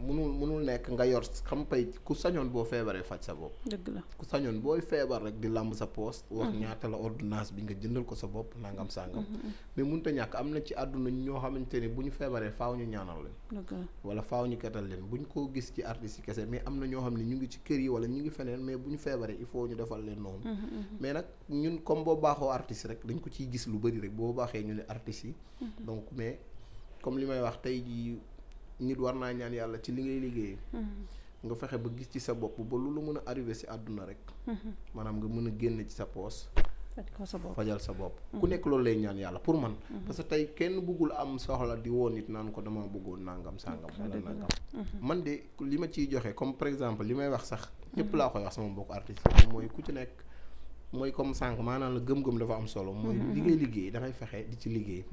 munul munul nekk nga yor xam pay ku sañoon boo feebaree faj sa bopp. dëgg la ku sañoon booy feebar rek di làmb sa poos. Mm-hmm. wax ñaata la ordonnance bi nga jëndal ko sa bopp nangam sangam. Mm-hmm. mais mënut a ñàkk am na ci àdduna ñoo xamante ni bu ñu feebaree faaw ñu ñaanal leen. wala faaw ñu ketal leen bu ñu ko gis ci artistes yi kese am na ñoo xam ne ñu ngi ci kër yi wala ñu ngi feneen mais bu ñu feebaree il faut ñu defal leen noonu. Mm-hmm, mais nag ñun comme boo baaxoo artiste rek dañ ko ciy gis lu bëri rek boo baaxee ñu ne artistes yi. donc mais comme li may wax tey jii nit war naa ñaan yàlla ci li ngay liggéey mm-hmm. nga fexe ba gis ci sa bopp ba lu la mën a arrivé si àdduna rek. Mm-hmm. maanaam nga mën a génn ci sa poos. fajal sa bopp ku mm-hmm. nekk loolu lay ñaan yàlla pour man parce que tey kenn bëggul am soxla di woon nit naan ko dama bëggoon nangam sangam wala nangam man de li ma ciy joxe comme par exemple li may wax sax ñëpp laa koy wax sama mbokk artiste mooy ku ci nekk mooy comme sànq maanaam la gëm-gëm dafa am solo mooy li ngay liggéey fexe di ci liggéey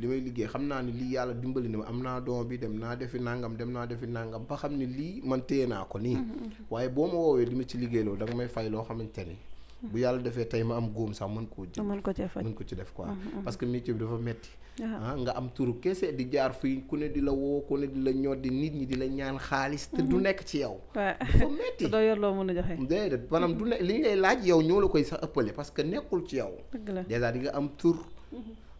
li may liggéey xam naa ne lii yàlla dimbali na ma am naa doom bi dem naa defi nangam dem naa defi nangam ba xam ne lii man téye naa ko nii. Mm-hmm, mm-hmm. waaye boo ma woowee di ma ci liggéeyloo da nga fay loo xamante ni. bu mm-hmm. yàlla defee tey ma am góom sax mën koo jël ko ci faj mën ko ci def quoi. parce que métier bi dafa metti ah nga am tur kese di jaar fii ku ne di la woo ku ne di la ñor di nit ñi di la ñaan xaalis. te du nekk ci yow. waaw dafa metti doo yor mën a joxe. déedéet maanaam du ne li ñu lay laaj yow ñoo la koy sax ëppale parce que nekkul ci yaw dëgg di nga am tur.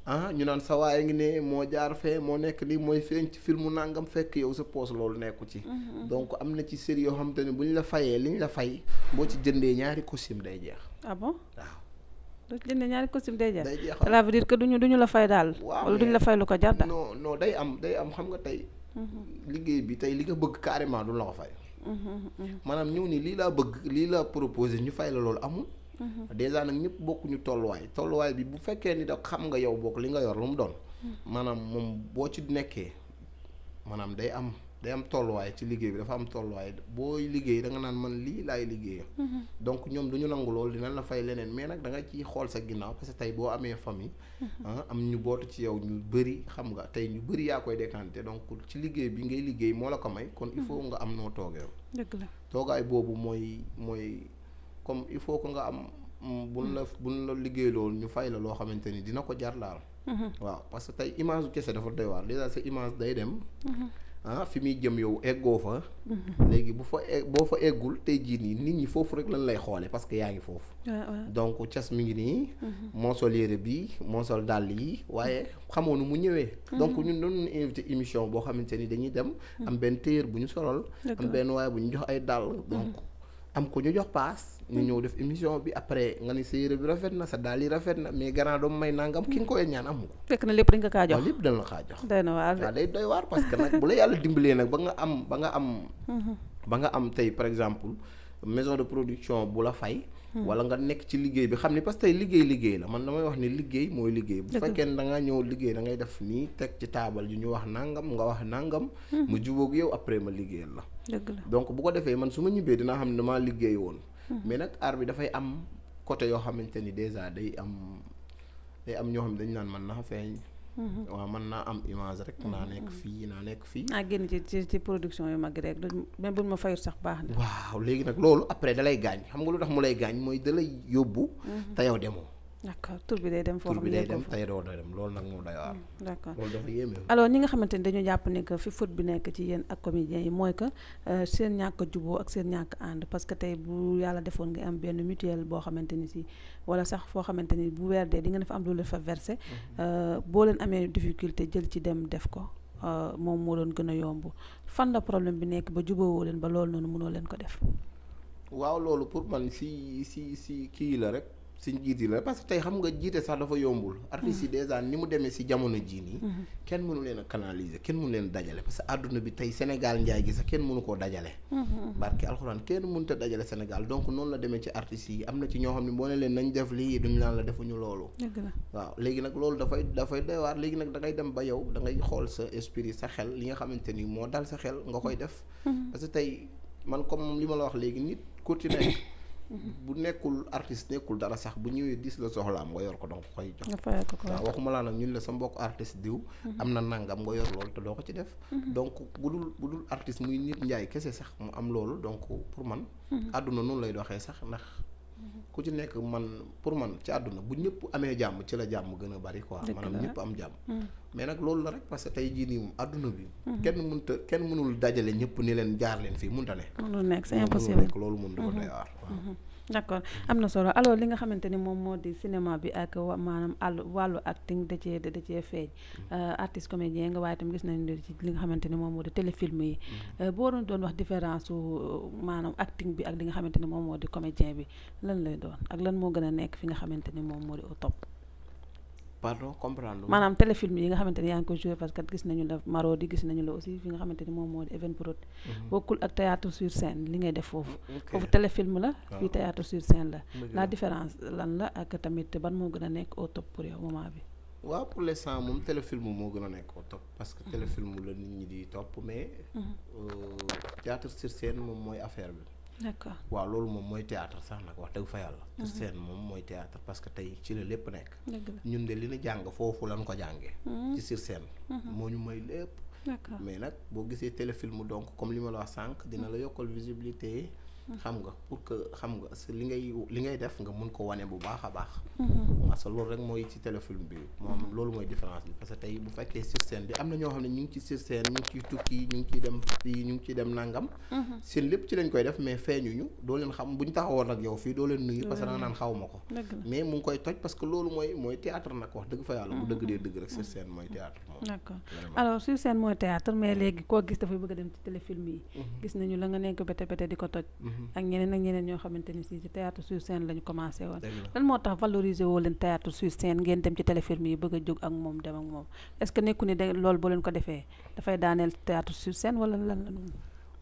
ah ñu naan sa waay ngi ne moo jaar fee moo nekk lii mooy feeñ ci filmu nangam fekk yow sa poos loolu nekku ci. Mm-hmm. donc am na ci série yoo xam ne bu ñu la fayee li ñu la fay boo ci jëndee ñaari costume day jeex. ah bon waaw. doo ci jëndee ñaari costume jeex. day jeex cela dire que duñu duñu la fay daal. waaw wala duñu la fay lu ko jar am day am xam nga tey. Mm-hmm. liggéey bi tey li nga bëgg carrément du la ko fay. Mm-hmm, maanaam ñëw ni lii laa bëgg lii laa proposé ñu fay la loolu amul. Mm-hmm. dèjà nag ñëpp bokkuñu tolluwaay tolluwaay bi bu fekkee ni da xam nga yow bokk li nga yor lu mu doon. Mm-hmm. maanaam moom boo ci nekkee maanaam day am day am tolluwaay ci liggéey bi dafa am tolluwaay booy liggéey da nga naan man lii laay liggéey mm-hmm. donc ñoom du ñu nangu loolu dina la fay leneen mais nag da nga ciy xool sa ginnaaw parce que tey boo amee famille. Ah, am ñu bootu ci yow ñu bëri xam nga tey ñu bëri yaa koy décanté donc ci liggéey bi ngay liggéey moo la ko may. kon il faut nga am noo toogee. dëgg la toogaay boobu mooy mooy. comme il faut que nga am mm, buñ la mm. buñ la ñu fay la loo xamante ni dina ko jar laal mm-hmm. waaw parce que tey image kese dafa doy waar déjà sa image day mm-hmm. ah, fi muy jëm yow eggoo fa mm-hmm. léegi bu fa e boo fa eggul tey jii nii nit ñi foofu rek lañ lay xoole parce que yaa ngi foofu donc cas mi ngi nii moo sol yére bi moo sol dàll yi waaye xamoonu mu ñëwee donc ñu doon invité émission boo xamante ni dañuy dem am benn téer bu ñu solal am benn waaye bu ñu jox ay dàll donc am ko ñu jox paas ñu ñëw def émission bi après nga ni sa yére bi rafet na sa daal yi rafet na mais grand may nangam ki nga koy ñaan amu ko. fekk na lépp dañ ko kaa jox lépp dañ la kaa jox. doy na waar waaw day waar parce que nag bu la yàlla dimbalee nag ba nga am ba nga am. Mm-hmm. ba nga am tey par exemple maison de production bu la fay. Mm-hmm. wala nga nekk ci liggéey bi xam ni parce que tey liggéey liggéey la man damay wax ni liggéey mooy liggéey. bu fekkee ne da ngaa ñëw liggéey da ngay def nii teg ci taabal yu ñu wax nangam nga wax nangam. Mm-hmm. mu jubóog yow après ma liggéeyal la. donc bu ko defee man su ma ñibbee dinaa xam ne damaa liggéey woon Hmm. mais nag art bi dafay am côté yoo xamante ni déjà day am day am ñoo xam dañu naan mën naa feeñ. Hmm. waaw mën naa am image rek. naa hmm. nekk fii naa nekk fii. naa génn ci ci production yu mag yi rek même buñ ma fayut sax baax na. waaw léegi nag loolu après dalay gaañ xam nga lu tax mu lay gaañ mooy dalay yóbbu. te yow demoo. d' accord tur bi day dem foo xam ne tur bi day loolu nag moo doy waar. Hmm, d' accord loolu ñi nga xamante ni dañu jàpp ne que fi foot bi nekk ci yéen ak comédiens yi mooy que euh, seen ñàkk a juboo ak seen ñàkk ànd parce que tey bu yàlla defoon nga am benn mutuelle boo xamante ni si wala sax foo xamante ni bu weer dee di nga fa am loolu fa versé boo leen amee difficulté jël ci dem def ko euh, moom moo doon gën a yomb fan la problème bi nekk ba jubóowoo leen ba loolu noonu mënoo leen ko def. waaw loolu pour man si si si kii la si njiit yi la parce que tey xam nga jiite sax dafa yombul. artistes yi dèjà ni mu demee si jamono jii nii. kenn mënu leen a canaliser kenn mënu leen dajale parce que àdduna bi tey Sénégal njaay gi sax kenn mënu koo dajale. barke alxuraan kenn mënut a dajale Sénégal donc noonu la demee ci artistes yi am na ci ñoo xam ne boo ne leen nañ def lii duñ naan la defuñu loolu. léegi nag loolu dafay dafay doy léegi nag da ngay dem ba yow da ngay xool sa esprit sa xel li nga xamante ni moo dal sa xel nga koy def. Mm-hmm. parce que tey man ma la wax léegi nit bu nekkul artiste nekkul dara sax bu ñëwee dis la soxlaam nga yor ko donc koy jox waaw waxuma laa nag ñun la sa mbokk artiste diw mm-hmm. am na nangam nga yor loolu te doo ko ci def mm-hmm. donc bu dul bu dul artiste muy nit njaay kese sax mu am loolu donc pour man mm-hmm. àdduna noonu lay doxee sax ndax ku ci nekk man pour man ci àdduna bu ñëpp amee jàmm ci la jàmm gën a bari quoi maanaam ñëpp am jàmm mm. mais nag loolu la rek parce que tey jii nii àdduna bi mm-hmm. kenn mënta kenn mënul dajale ñëpp ni leen jaar leen fii mënta ne mënul nekk c'est impossible loolu mën di ko doy waar d'accord am na solo alors li nga xamante ni moom moo di cinéma bi ak maanam àll wàllu acting da cee da cee feeñ mm-hmm. euh, artiste comédien nga waaye tam gis nañu ci li nga xamante ni moom moo di téléfilm yi mm-hmm. euh, boo doon doon wax différence su euh, maanaam acting bi ak li nga xamante ni moom moo di comédien bi lan lay doon ak lan moo gën a nekk fi nga xamante ni moom moo di au pardon comprendre maanaam téléfilm yi nga xamante ni yaa ngi ko joué parce que gis nañu la Marodi gis nañu la aussi fi nga xamante ni moom moo di Evenprod mhm. bokkul ak théâtre sur scène li ngay def foofu foofu téléfilm la ah. fii théâtre sur scène la la différence lan la ak tamit ban moo gën a nekk au top pour yow moment bi waaw pour l'instant moom téléfilm moo gën a nekk au parce que mhm. téléfilm la nit ñi di topp mais mhm. euh, théâtre sur scène moom mooy affaire bi d'accord waaw loolu moom mooy théâtre sax nag wax dëgg fa yàlla. Mhm. scène moom mooy théâtre parce que tey ci la lépp nekk. ñun de li ñu jàng foofu lañ ko jàngee. Mhm. ci sur scène. Mhm. moo ñu may lépp. may nag boo gisee mu donc comme li ma la wax sànq dina la yokkal visibilité. xam nga pour que xam nga li ngay li ngay def nga mun ko wane bu baax a baax. Mhm. parce loolu rek mooy ci téléfilm bi moom mhm. loolu mooy différence bi parce que loolu mooy mooy nag wax dëgg fa yàlla. bu mhm. dëgg dee dëgg rek sur scène mooy théâtre moom. d'accord alors sur scène mooy théâtre mais léegi koo gis dafay bëgg a dem ci téléfilm yi. gis nañu la nga nekk bete bete di ko toj ak ñeneen ak ñeneen ñoo xamante ni si ci théâtre sur scène la ñu commencé woon lan moo tax valoriser woo leen théâtre sur ngeen dem ci téléfilm yi bëgg a jóg ak moom dem ak moom est que nekku ni da loolu boo leen ko defee dafay daaneel théâtre sur scène wala lan la noonu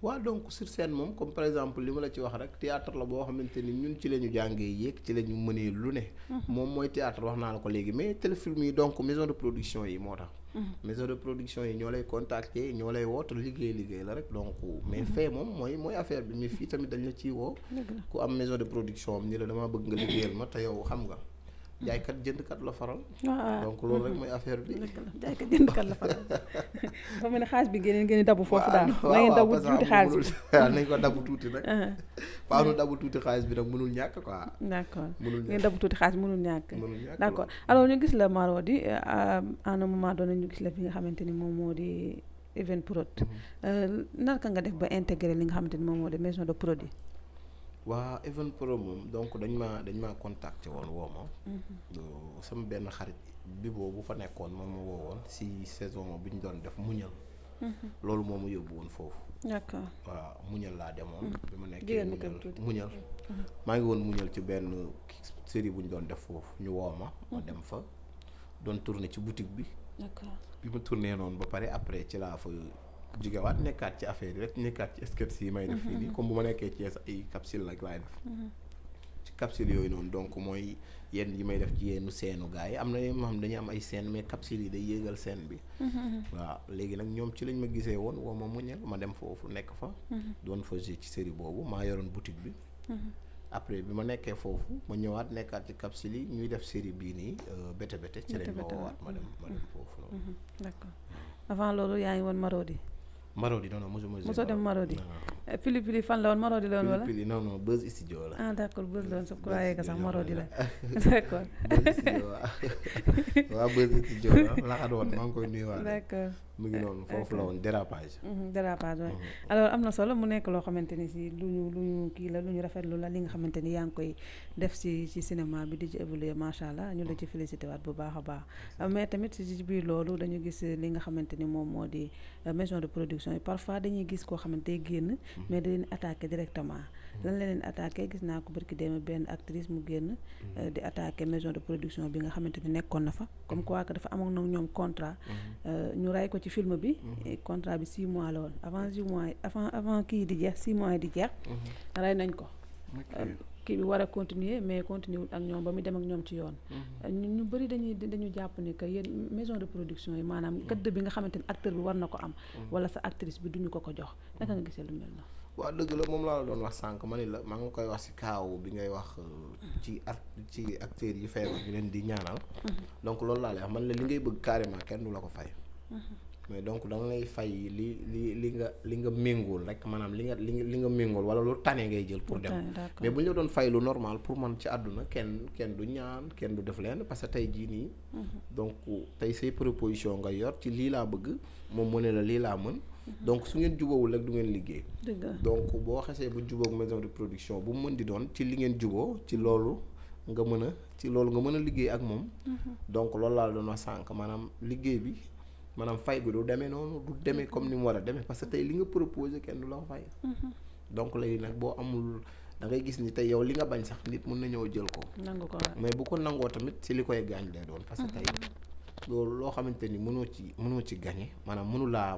waaw donc sur scène moom comme par exemple li ma la ci wax rek théâtre la boo xamante ni ñun ci la ñu jàngee yéeg ci la ñu mënee lu ne mhm. moom mooy théâtre wax naa la ko léegi mais téléfilm yi donc maison de yi moo tax maison de production yi ñoo lay contacter ñoo lay woote liggéey liggéey la rek donc mais mhm. fee moom mooy mooy affaire bi mais fii tamit dañ la ciy woo ku am maison de production am ni la damaa bëgg nga liggéeyal ma te yow xam nga jaaykat jëndkat la faral. waaw donc loolu rek mooy affaire bi. jaaykat jëndkat la faral. dafa mel ne xaalis bi ngeen ngeen dabu foofu daal. na ngeen dabu tuuti xaalis bi ko dabu tuuti nag. Uh-huh. faaw tuuti xaalis bi nag mënul ñàkk quoi. d' accord ngeen dabu tuuti xaalis mënul ñàkk. mënul ñàkk d' accord alors ñu gis la Marodi à euh, un moment donné ñu gis la fi nga xamante ni moom moo di Evenprod. Mm-hmm. Euh, naka nga def ba intégré li nga xamante ni moom moo di maison de produit. waa Even Pro moom donc dañ maa dañ maa contacté woon woo ma. Mhm. Euh, sama benn xarit bi boobu fa nekkoon moom ma woo woon si saison bi ñu doon def muñal. Mhm. loolu moo ma yóbbu woon foofu. d'accord waaw muñal laa demoon. Mhm. bi ma nekkee muñal maa ngi woon muñal ci benn série bu ñu doon def foofu ñu woo ma. dem fa doon tourné ci boutique bi. d'accord bi ma tourné noonu ba pare après ci laa fa. jugewaat nekkaat ci affaire yi rek nekkaat ci sketch yi may def fii nii mhm. comme bu ma nekkee ci ay capsule rek laay def mhm. ci capsule donc mooy yenn yi may def ci yenn seenu gars yi am na yoo xam dañuy am ay scène mais capsule yi day yéegal scène bi mhm. waaw léegi nag ñoom ci lañ ma gisee woon woo ma muñal ma dem foofu nekk fa doon fa jouer ci série boobu maa yoroon boutique bi après bi ma nekkee foofu ma ñëwaat nekkaat ci capsule yi ñuy def série bii nii euh, bete bete ci lañ ma woowaat ma dem ma dem foofu noonu d'accord loolu yaa ngi woon Marodi Marodi non non mosoo mosoo dem Marodi. Eh, pili pili fan la woon Marodi la woon wala. pili pili la. ah d' la woon su ko croyez sax Marodi la d' accord. Buzz la laxat woon ngi koy nuyuwaat. d' accord. mu ngi noonu foofu la woon dérapage. Mhm, dérapage waaye mhm. alors am na solo mu nekk loo xamante ni si lu ñu lu ñu kii la lu ñu rafetlu la li nga xamante ni yaa ngi koy def si ci cinéma bi di ci évoluer macha allah ñu la ci félicité waat bu baax a baax mais tamit si biir loolu dañu gis li nga xamante ni moom moo di euh, maison de production yi parfois dañuy gis koo xamante day génn mhm. mais da attaque directement. lan la leen attaqué gis naa ko barki démb benn actrice mu génn mm. euh, di attaqué maison de production bi nga xamante ni nekkoon na fa mm. comme quoi que dafa amoon nag ñoom contrat mm. euh, ñu ray ko ci film bi contrat bi six mois la woon avant six avant avant kii di jeex six mois yi di jeex rey nañ ko euh, kii bi war a continuer mais continuer ak ñoom ba mu dem ak ñoom ci yoon ñu bëri dañuy dañu jàpp ni que yéen maison de production yi maanaam gëdd bi nga xamante ni acteur bi war na ko am wala sa actrice bi duñu ko ko jox naka gisee lu mel waa dëgg la moom laa la doon wax sànq ma ni la maa nga koy wax si kaaw bi ngay wax euh, mm. ci art ci acteurs yi feebar ñu leen di ñaanal. Mm-hmm. donc loolu laa lay wax man la li ngay bëgg carrément kenn du la ko fay. Mm-hmm. mais donc da lay fay li li li nga li nga méngool rek maanaam li nga li li nga méngool wala lu tane ngay jël pour dem mais bu ñu la doon fay lu normal pour man ci àdduna kenn kenn du ñaan kenn du def leen parce que tey jii nii. Mm-hmm. donc tey say proposition nga yor ci lii laa bëgg moom mu ne la lii laa mën. donc su ngeen jubóowul rek du ngeen liggéey. donc boo xasee bu jubóog maison de production bu mu mën di doon ci li ngeen juboo ci loolu nga mën a ci loolu nga mën a liggéey ak moom. Mhm. donc loolu laa doon wax sànq maanaam liggéey bi maanaam fay bi du demee noonu du demee comme ni mu war a demee parce que tey li nga proposé kenn du la ko fay. Mhm. donc léegi nag boo amul. da ngay gis ni tey yow li nga bañ sax nit mun na ñëw jël ko. nangu ko mais bu ko nangoo tamit ci li koy gaañ lay doon. parce que tey mhm. loolu loo xamante ni mënoo ci mënoo ci gani maanaam mënu laa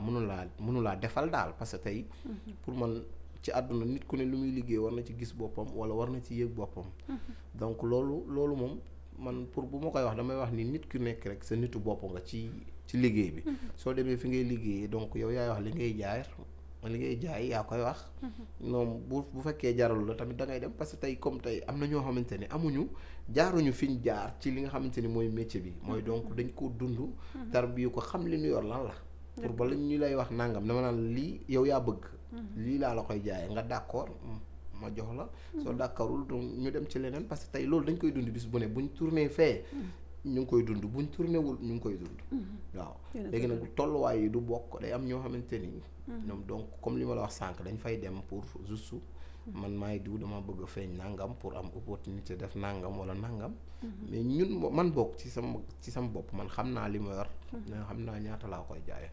mënu laa defal daal parce que tey mhm. pour man ci àdduna nit ku ne lu muy liggéey war na ci gis boppam wala war na ci yëg boppam mhm. donc loolu loolu moom man pour bu ma koy wax damay wax ni nit ku nekk rek sa nitu bopp nga ci ci liggéey bi mhm. soo demee fi ngay liggéeyee donc yow yaay wax li ngay jaar li ngay jaay yaa koy wax. ñoom bu bu fekkee jarul la tamit da dem parce que tey comme tey am na ñoo xamante ne amuñu jaaruñu fi ñu jaar ci li nga xamante ni mooy métier bi. mooy donc mm-hmm. dañ ko dund. Mm-hmm. tarbiyu ko xam li ñu yor lan la. pour ba lañ ñu lay wax nangam dama naan lii yow yaa bëgg. Mm-hmm. lii laa la koy jaayee nga d'accord mm, ma jox la. soo d'accordul ñu dem ci leneen parce que tey loolu dañ koy dund bis bu ne buñ tourné fee. ñu ngi koy dund buñ tourné wul ñu ngi koy dund. Mm-hmm. waaw léegi nag tolluwaay yi du bokk day am ñoo xamante ni. Mm-hmm. ñoom donc comme li ma la wax sànq dañ fay dem pour juste mm-hmm. man maay diw dama bëgg a feeñ nangam pour am opportunité def nangam wala nangam. mais ñun man bokk ci sama ci sama bopp man xam naa li ma yor. mais xam naa ñaata laa koy jaayee.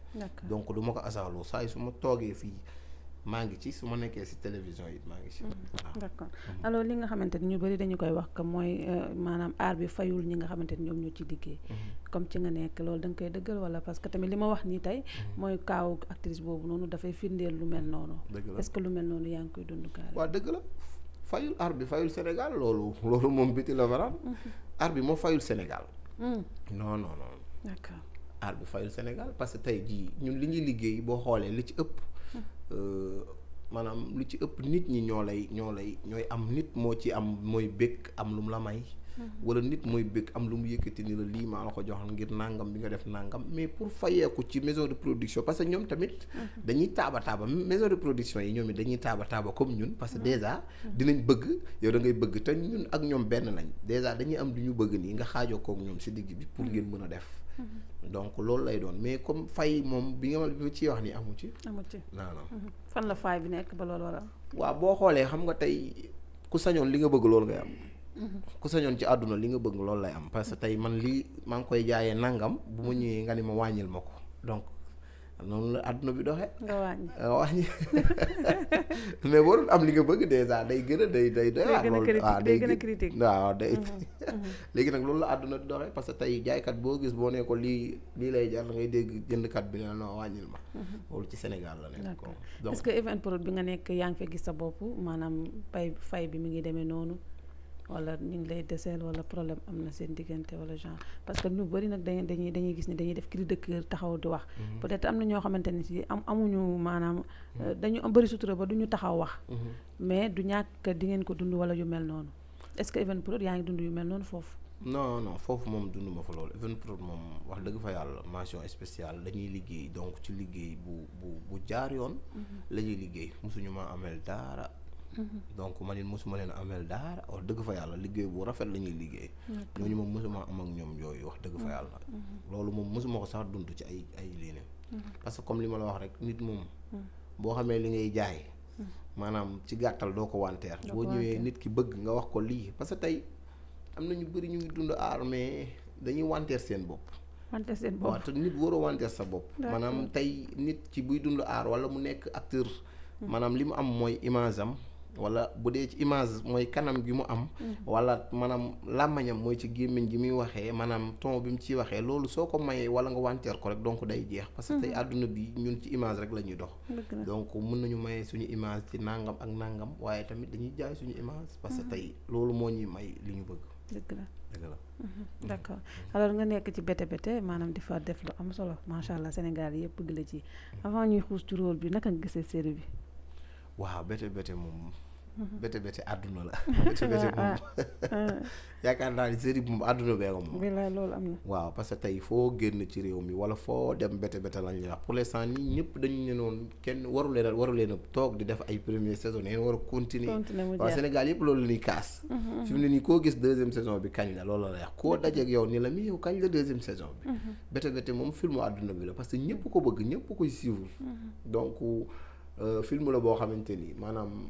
donc du ko asaaloo saa yi su ma toogee fii. maa ngi ci su ma nekkee si télévision yi maa ngi ci. Mm-hmm. Ah. d' accord mm-hmm. li nga xamante ni ñu bëri dañu koy wax que mooy euh, maanaam aar bi fayul ñi nga xamante ni ñoom ñoo ci liggéey. Mm-hmm. comme ci nga nekk loolu danga koy dëggal wala parce que tamit li ma wax nii tey. mooy kaaw actrice boobu noonu dafay firndeel lu mel noonu. est ce que lu mel noonu yaa ngi koy dund carrément. waaw dëgg la fayul aar bi fayul Sénégal loolu loolu moom biti la waral. aar bi moo fayul Sénégal. Mm. non non non. d' aar bi fayul Sénégal parce que tey jii ñun li ñuy liggéey boo xoolee li ci ëpp. Euh, maanaam lu ci ëpp nit ñi ñoo lay ñoo lay ñooy am nit moo ci am mooy bëgg am lu mu la may. Mm-hmm. wala nit mooy bëgg am lu mu yëkkati ni la lii maa la ko joxal ngir nangam bi nga def nangam mais pour fayeeku ci maison de production parce que ñoom tamit. Mm-hmm. dañuy taaba taaba maison de production yi ñoom it dañuy taaba taaba comme ñun. parce que mm-hmm. déjà dinañ bëgg yow da ngay bëgg te ñun ak ñoom benn nañ déjà dañuy am lu ñu bëgg nii nga xaajoo kook ñoom si digg bi pour ngeen mën a def. donc loolu lay doon mais comme fay moom bi nga ma bi ciy wax ni amu ci. amu ci non mhm. fan la fay bi nekk ba loolu war a. waaw boo xoolee xam nga tey ku sañoon li nga bëgg loolu ngay am. Mhm. ku sañoon ci àdduna li nga bëgg loolu lay am. parce que tey man lii maa ngi koy jaayee nangam bu ma ñëwee nga ne ma wàññil ma ko donc. noonu la àdduna bi doxee. nga wàññi wàññi mais warul am li nga bëgg dèjà day gën a day day. day gën a ah, day a critique day. Mhm, mhm. léegi nag loolu la àdduna di doxee parce que tey jaaykat boo gis boo ne ko lii lii lay jar ngay dégg jëndkat bi ne non wàññil ma. Mhm. loolu ci Sénégal la nekk. donc est-ce que bi nga nekk yaa ngi fa gis sa bopp maanaam pay fay bi mi ngi demee noonu. wala ñu ngi lay deseel wala problème am na seen diggante wala genre parce que ñu bëri nag dañuy dañuy dañuy gis ni dañuy def cri de cœur taxaw di wax. Mm-hmm. peut-être am na ñoo xamante ne si am amuñu maanaam. Mm-hmm. Euh, dañu am bëri sutura ba du ñu taxaw wax. Mm-hmm. mais du ñàkk di ngeen ko dund wala yu mel noonu est-ce que Evenprod yaa ngi dund yu mel noonu foofu. non non foofu moom dund ma fa loolu Evenprod moom wax dëgg fa yàlla mention spéciale dañuy liggéey donc ci liggéey bu bu bu jaar yoon. la ñuy liggéey mosuñu ma amel dara. Mm-hmm. donc man it mosuma leen amel daara wax dëgg fa yàlla liggéey bu rafet la ñuy liggéey. ñooñu moom mosuma am ak ñoom yooyu wax dëgg fa mm-hmm. yàlla. Mm-hmm. loolu moom mosuma ko sax dund ci ay ay lii ne. parce que comme li ma la wax rek nit moom. boo xamee li ngay jaay. maanaam ci gàttal doo ko wanteer. boo ñëwee nit ki bëgg nga wax ko lii parce que tey am na ñu bëri ñu ngi dund aar mais dañuy wanteer seen bopp. wanteer seen bopp waaw te nit wanteer sa bopp. maanaam tey nit ci buy dund aar wala mu nekk acteur. maanaam li mu am mooy image am. wala bu dee ci image mooy kanam gi mu am. Mm-hmm. wala maanaam làmmañam mooy ci gémmiñ gi muy waxee maanaam ton bi mu ciy waxee loolu soo ko mayee wala nga wanteer ko rek donc day jeex. parce que tey mm-hmm. àdduna bi ñun ci image rek la ñuy dox. donc mën nañu mayee suñu image ci nangam ak nangam waaye tamit dañuy jaay suñu image. parce que mm-hmm. tey loolu moo ñuy may li ñu bëgg. dëgg la dëgg la. d' accord nga nekk ci bete bete maanaam di fa def lu am solo macha allah Sénégal yëpp bëgg la ci avant ñuy xuus ci rôle bi naka gisee série bi. waaw bete bete moom. bete bete àdduna la. bete bete moom ah, ah. yaakaar naa foo génn ci réew mi wala foo dem bete bete lañ lay wax pour l'instant nii ñëpp dañu ne noonu kenn waru di def ay première saison yéen war mm-hmm, mm-hmm. koo gis deuxième saison bi kañ la loolu la wax koo dajeeg yow ni la mi yow kañ la deuxième saison mm-hmm. filmu àdduna bi la parce que ñëpp ko bëgg ñëpp koy suivre. donc euh, film la boo xamante ni maanaam.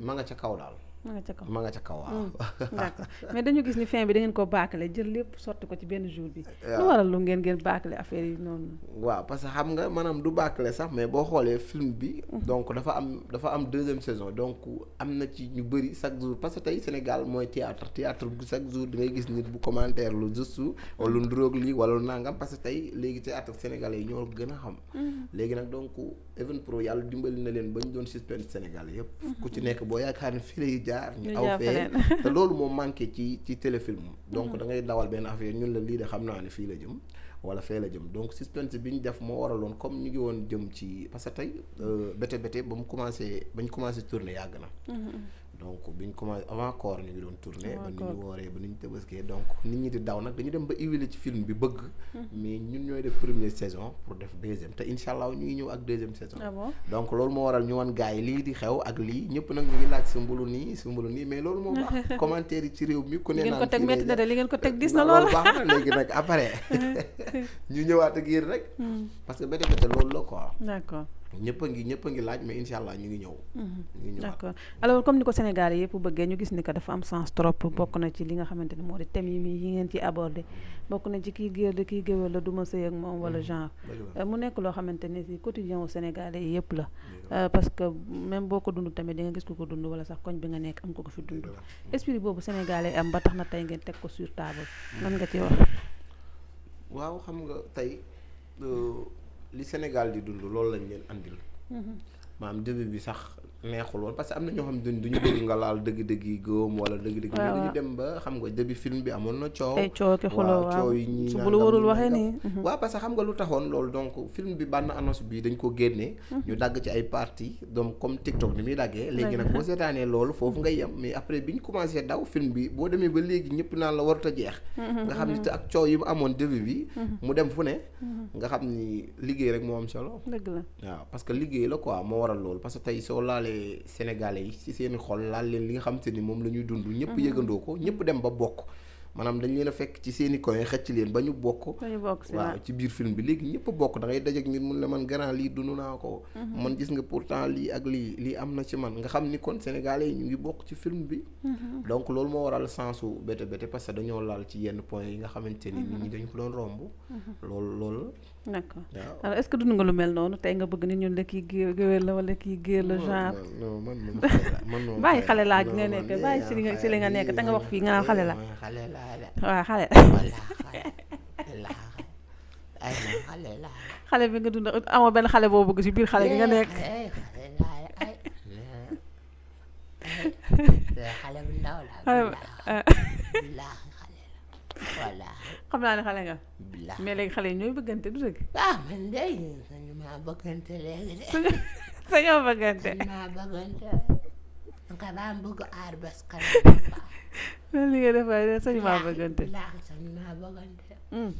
ma nga ca kaw daal. ma nga ca kaw ma nga ca kaw waaw. Mm, d'accord mais dañu gis ni fin bi da ngeen ko baakale jël lépp sotti ko ci benn jour bi. lu waral lu ngeen ngeen baakale affaire yi noonu. waaw parce que xam nga maanaam du baakale sax mais boo xoolee film bi. Mm. donc dafa am dafa am deuxième saison donc am na ci ñu bëri chaque jour parce que tey Sénégal mooy théâtre théâtre bu chaque jour da ngay gis nit bu commentaire lu juste wala lu ndróog lii wala lu nangam parce que tey léegi théâtre sénégalais yi ñoo gën a xam. Mm. Even Pro yàlla dimbali na leen ba ñu doon suspend Sénégal yëpp. ku ci nekk boo yaakaar ne fii lay jaar. ñu aw fee te loolu moo manqué ci ci téléfilm. donc hmm. da ngay dawal benn affaire ñun la lii de xam naa ne fii la jëm. wala fee la jëm donc suspense bi ñu def moo waraloon comme ñu ngi woon jëm ci parce que tey bété euh, bété ba mu commencé ba ñu commencé tourner yàgg na. Hmm, hmm, donc bi ñu commencé avant corps ñu ngi doon tourné ba ni ñu wooree ba ni ñu tëbaskee donc nit ñi di daw nag dañu dem ba huilé ci film bi bëgg hmm. mais ñun ñooy def première saison pour def deuxième te incha allah ñu ngi ñëw ak deuxième saison ah donc loolu moo waral ñu wan gars yi lii di xew ak lii ñëpp nag ñu ngi laaj sumbulu nii sumbulu nii mais loolu moom baax commentaire yi ci réew mi ku ne naan ko teg métti na de li ngeen ko teg dis na loolu baax na léegi nag après ñu ñëwaat ak yéen rek hmm. parce que béta béta loolu la quoi ñëpp ngi ñëpp a ngi laaj mais incha allah ñu ngi ñëw. Mhm. ñu ngi d'accord alors comme ni ko Sénégal yëpp bëggee ñu gis ni que dafa am sens trop mhm. bokk na ci li nga xamante ne moo di thèmes yi yi ngeen ci bokk na ci kii géer la kii géwél la du ma moom wala mhm. genre. Euh, mu nekk loo xamante ne si quotidien wu Sénégalais yëpp la. Euh, parce que même boo ko dund tamit di nga gis ko ko dund wala sax koñ bi nga nekk am ko ko fi dund. esprit boobu Sénégalais am ba tax na tey ngeen teg ko sur table. lan nga ci wax. waaw xam nga tey. Euh, li Sénégal di dund loolu lañ leen andil. Mhm. maam début bi sax neexul woon parce am na ñoo xam ne duñu bëgg nga laal dëgg-dëgg yi góom dëgg-dëgg yi dañu dem ba xam nga début film bi amoon na coow ay coow lu warul waxee nii mhm. waaw parce que xam nga lu taxoon loolu donc film bi bànn annonce bi dañ ko génnee mhm. ñu dagg ci boo seetaanee loolu ba léegi ñëpp naan a jeex mhm, nga xam ni te ak coow yi mu ni liggéey rek moo am solo dëgg la waaw parce la quoi moo waral loolu parce tey soo laalee laale sénégalais yi ci seen i xol laal leen li nga xam te ni moom la ñuy dund ñëpp mhm. yëgandoo ko ñëpp dem ba bokk maanaam dañ leen a fekk ci seeni i coin xëcc leen ba ñu bokk waaw ci biir film bi léegi ñëpp bokk da ngay dajeek nit mun la man grand lii dund naa ko mhm. man gis nga pourtant lii ak lii lii am na ci man nga xam ni kon sénégalais yi ñu ngi bokk ci film bi mhm. donc loolu moo waral sensu bété bété parce que dañoo laal ci yenn point yi nga xamante ni nit dañu ko doon romb loolu d' accord alors est dund nga lu mel noonu tey nga bëgg nit ñun la kii géer géwél la wala kii géer la genre. non man bàyyi xale laa nga nekk bàyyi si li nga si li nekk te nga wax fii nga naan xale la. waaw xale la. ay xale xale bi nga dund amoo benn xale boo bëgg si biir xale bi nga nekk. Eh, eh, xam naa ne xale nga. bilaa léegi xale yi ñooy bëggante du dëgg. ah man de sañu bëggante sañoo bëggante sañu bëggante. def waaye sañu maa bëggante. ba hmm.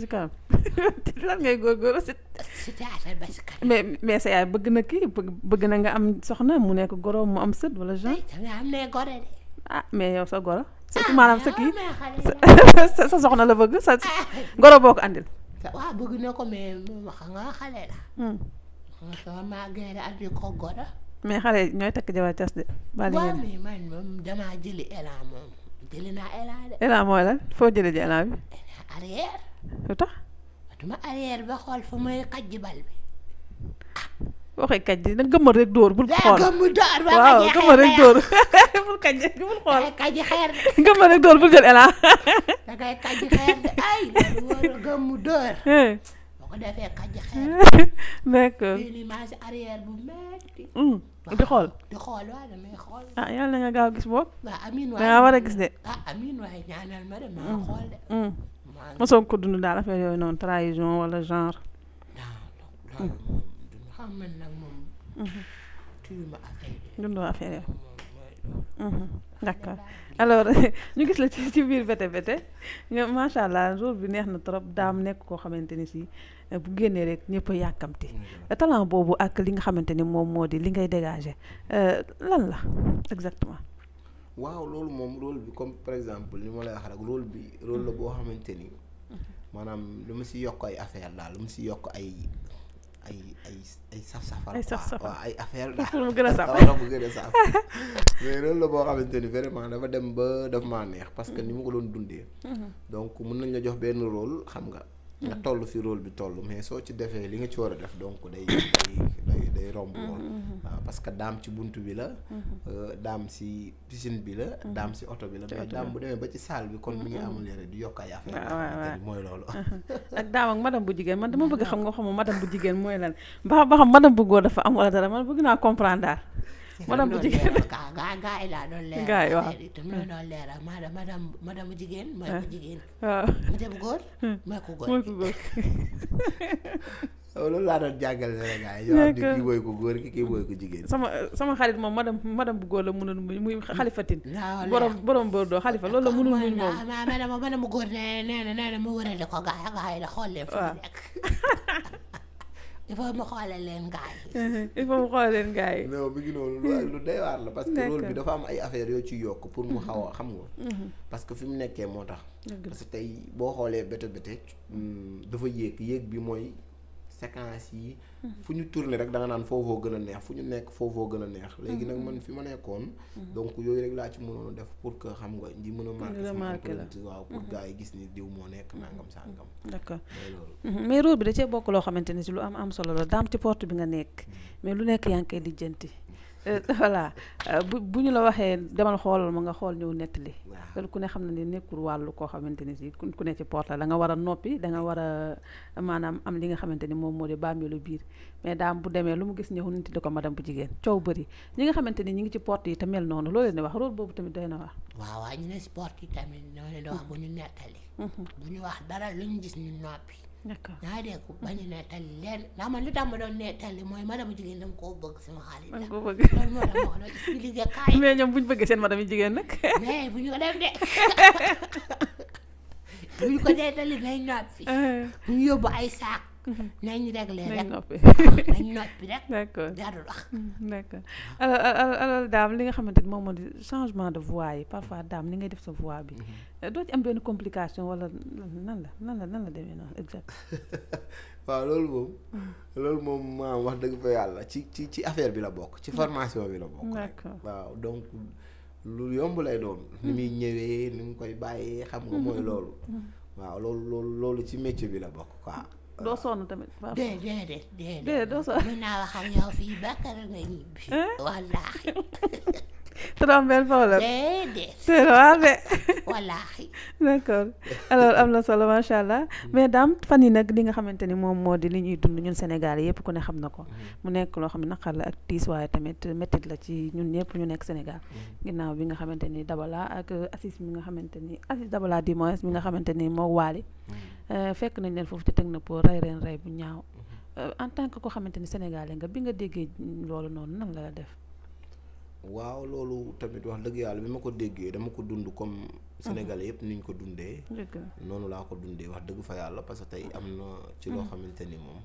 si kanam lan ngay góorgóorlu si. ba si kanam. mais sa yaay bëgg na kii bëgg na nga am soxna mu nekk goro mu am sët wala genre. sama yaay ah, sa goro. surtout maanaam sa kii ah, sa soxna la bëgg sa ngoro ah. boo ko andil. ko mais xale la. Hmm. a andi ko goro. mais xale ñooy takk jabar cas de. baal nañu man damaa jëli élan moom jëli naa élan de. élan mooy lan foo jëlee ji élan bi. arrière. lu tax. duma arrière ba xool fu may xajji bal bi. waxee kaj xool a gëmmu dóor eh. mm. xool di xool waaw ah yàlla na nga gaaw gis boobu waaw war a gis de ah, ma de mm. mm. ko dund daal affaire yooyu noonu trahison wala genre xam man nag moom. Mhm. tuyuma affaire yi. dundoo affaire mhm. ñu gis la ci ci biir bete bete ñoom macha allah jour bi neex na trop daam nekk koo xamante ni si eh, bu génnee rek ñëpp yàkkamti talent boobu ak li nga xamante ni moom moo di li ngay dégager eh, lan la exactement. waaw loolu moom rôle bi comme par exemple li ma lay wax rek bi rôle la boo xamante ni mhm. maanaam lu ma si yokk ay affaire daal lu ma si yokk ay ay ay ay saf safal ay saf safal waaw ay affaire la pour mu gën a saf pour mu gën a saf mais loolu la boo xamante ni vraiment dafa dem ba daf maa neex parce que ni ma ko doon dundee mhm. donc mën nañ la jox benn rôle xam nga nga mm. toll fi rôle bi toll mais soo ci defee li nga ci war a def donc day day day romb lool mm-hmm, waaw mm-hmm. ah, parce que daam ci bunt bi la mm-hmm. euh, daam si piscine bi la daam si oto bi la mais bu demee ba ci salle bi kon mu ngi amul yére di yokk ay affaire mooy loolu ak daam ak bu jigéen man dama bëgg xam nga xamul madame bu jigéen mooy lan ba xam ba xam madame bu dafa am wala dara man bëgg naa comprendre madame bu jigéen gaa laa doon leeral gaa yi bu jigéen mooy ko jigéen waaw loolu laa doon jàngal Sénégal yi. nekk sama sama xarit moom madame madame bu góor la mënoon muñ muy xalifatin. borom borom boor doo xalifa loolu la mënul muñ moom. waaw waaw madame madame bu góor nee nee na mu wërale ko gaa gaa yi la xool fu nekk. il faut ma xoolal leen gars yi. il faut ma leen gars yi. non mi ngi noonu lu lu day la parce que rôle bi dafa am ay affaires yoo ci yokk pour mu xaw xam nga. Mhm. parce que fi mu nekkee moo tax. parce tey boo xoolee bete bete mm, dafa yéeg yéeg bi mooy. séquence yi. fu ñu tourné rek da nga naan foofoo gën a neex fu ñu nekk foofoo gën a neex. Mm-hmm. léegi nag man fi ma nekkoon. Mm-hmm. donc yooyu rek laa ci mënoon def pour que xam nga ñi mën a. marqué la waaw pour mm-hmm. yi gis ni diw moo nekk nangam sangam. d'accord mais rôle bi da cee bokk loo xamante ne si lu am am solo la daam ci porte bi nga nekk mais lu nekk yaa ngi koy lijjanti euh, voilà euh, bu bu ñu la waxee demal xoolal ma nga xool ñëw nettali. loolu ku ne xam na ne nekkul wàllu koo xamante ni si ku ne ci porte la da war a noppi da nga war a maanaam am li nga xamante ni moom moo di bàmmeelu biir mais daam bu demee lu mu gis ñëw nit di ko madame bu jigéen coow bëri ñi nga xamante ni ñi ngi ci porte yi te mel noonu loolu leen di wax rôle boobu tamit doy na wax waaw waaw ñu ne si porte yi tamit noonu la wax bu ñu nettali mhm. bu ñu wax dara lu ñu gis ñu noppi d'accord yaa dégg bañ a nettal leen ndax man li tax ma doon nettali mooy madame jigéen dama koo bëgg sama xaalis dama koo bëgg loolu moo tax ma ko ñoom bu ñu bëggee seen madame jigéen nag mais bu ñu ko def de bu ñu ko nettali nañ noppi eh. bu ñu yóbbu ay saak Mm-hmm. nañ réglé rek nañ noppi rek. d'accord jarul wax. Mm-hmm. d'accord alors alors daam li nga xamante ni moom moo di changement de voix yi parfois daam li ngay def sa voix bi mm-hmm. doo ci am benn complication wala nan la nan la nan la demee noonu waaw loolu moom loolu maam wax dëgg fa yàlla ci ci ci affaire bi la bokk ci formation bi la bokk d'accord waaw donc lu yomb lay doon ni muy ñëwee ni mu koy bàyyee xam nga mooy loolu waaw loolu loolu loolu ci métier bi la bokk quoi doo sonn tamit. dé déedéet déedéet. déedéet doo sonn. mën naa wax ak yow ba kër nga ñibbi. wallaahi. trompeel problème. déedéet. c'est vrai. wallaahi. d'accord alors am na solo macha allah mais daam fan yi nag li nga xamante ni moom moo di li ñuy dund ñun Sénégal yëpp ko ne xam na ko. Mm-hmm. mu nekk loo xam ne naqar la ak tiis waaye tamit méttit la ci ñun ñëpp ñu nekk Sénégal. Mm-hmm. ginnaaw bi nga xamante ni Dabala ak Aziz mi nga xamante ni Aziz dabalaa du moins mi nga xamante ni moo waali. Mm-hmm. Euh, fekk nañ leen foofu te teg na pour rey reen rey bu ñaaw euh, en tant que koo xamante ni sénégalais nga bi nga déggee loolu noonu nan la la def. waaw loolu tamit wax dëgg yàlla bi ma ko déggee dama ko dund comme sénégalais mhm. yëpp ñu ko dundee noonu laa ko dundee wax dëgg fa yàlla parce que tey ah. am na ci loo mhm. xamante ni moom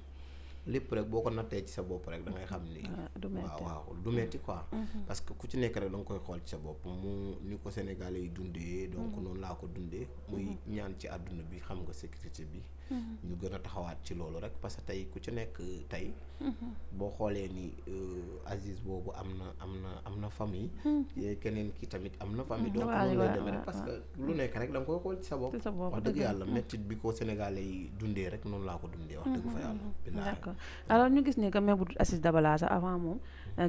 lépp rek boo ko nattee ci sa bopp rek da xam ni ah, waaw waaw du metti quoi mhm. parce que ku ci nekk rek da koy xool ci sa bopp mu ni ko sénégalais yi dundee donc noonu laa ko dundee muy ñaan ci àdduna bi xam nga sécurité bi Mm-hmm. ñu gën a taxawaat ci loolu rek parce que tey ku ci nekk tey. Mm-hmm. boo xoolee ni euh, Aziz boobu am na am na am na famille. Mm-hmm. keneen ki tamit am na famille. donc noonu lay parce que lu rek da nga koy xool ci sa bopp. wax dëgg yàlla bi ko Sénégalais yi dundee rek noonu laa ko dundee. wax dëgg fa yàlla. d'accord alors ñu gis ni que même bu dul Aziz Dabala sax avant moom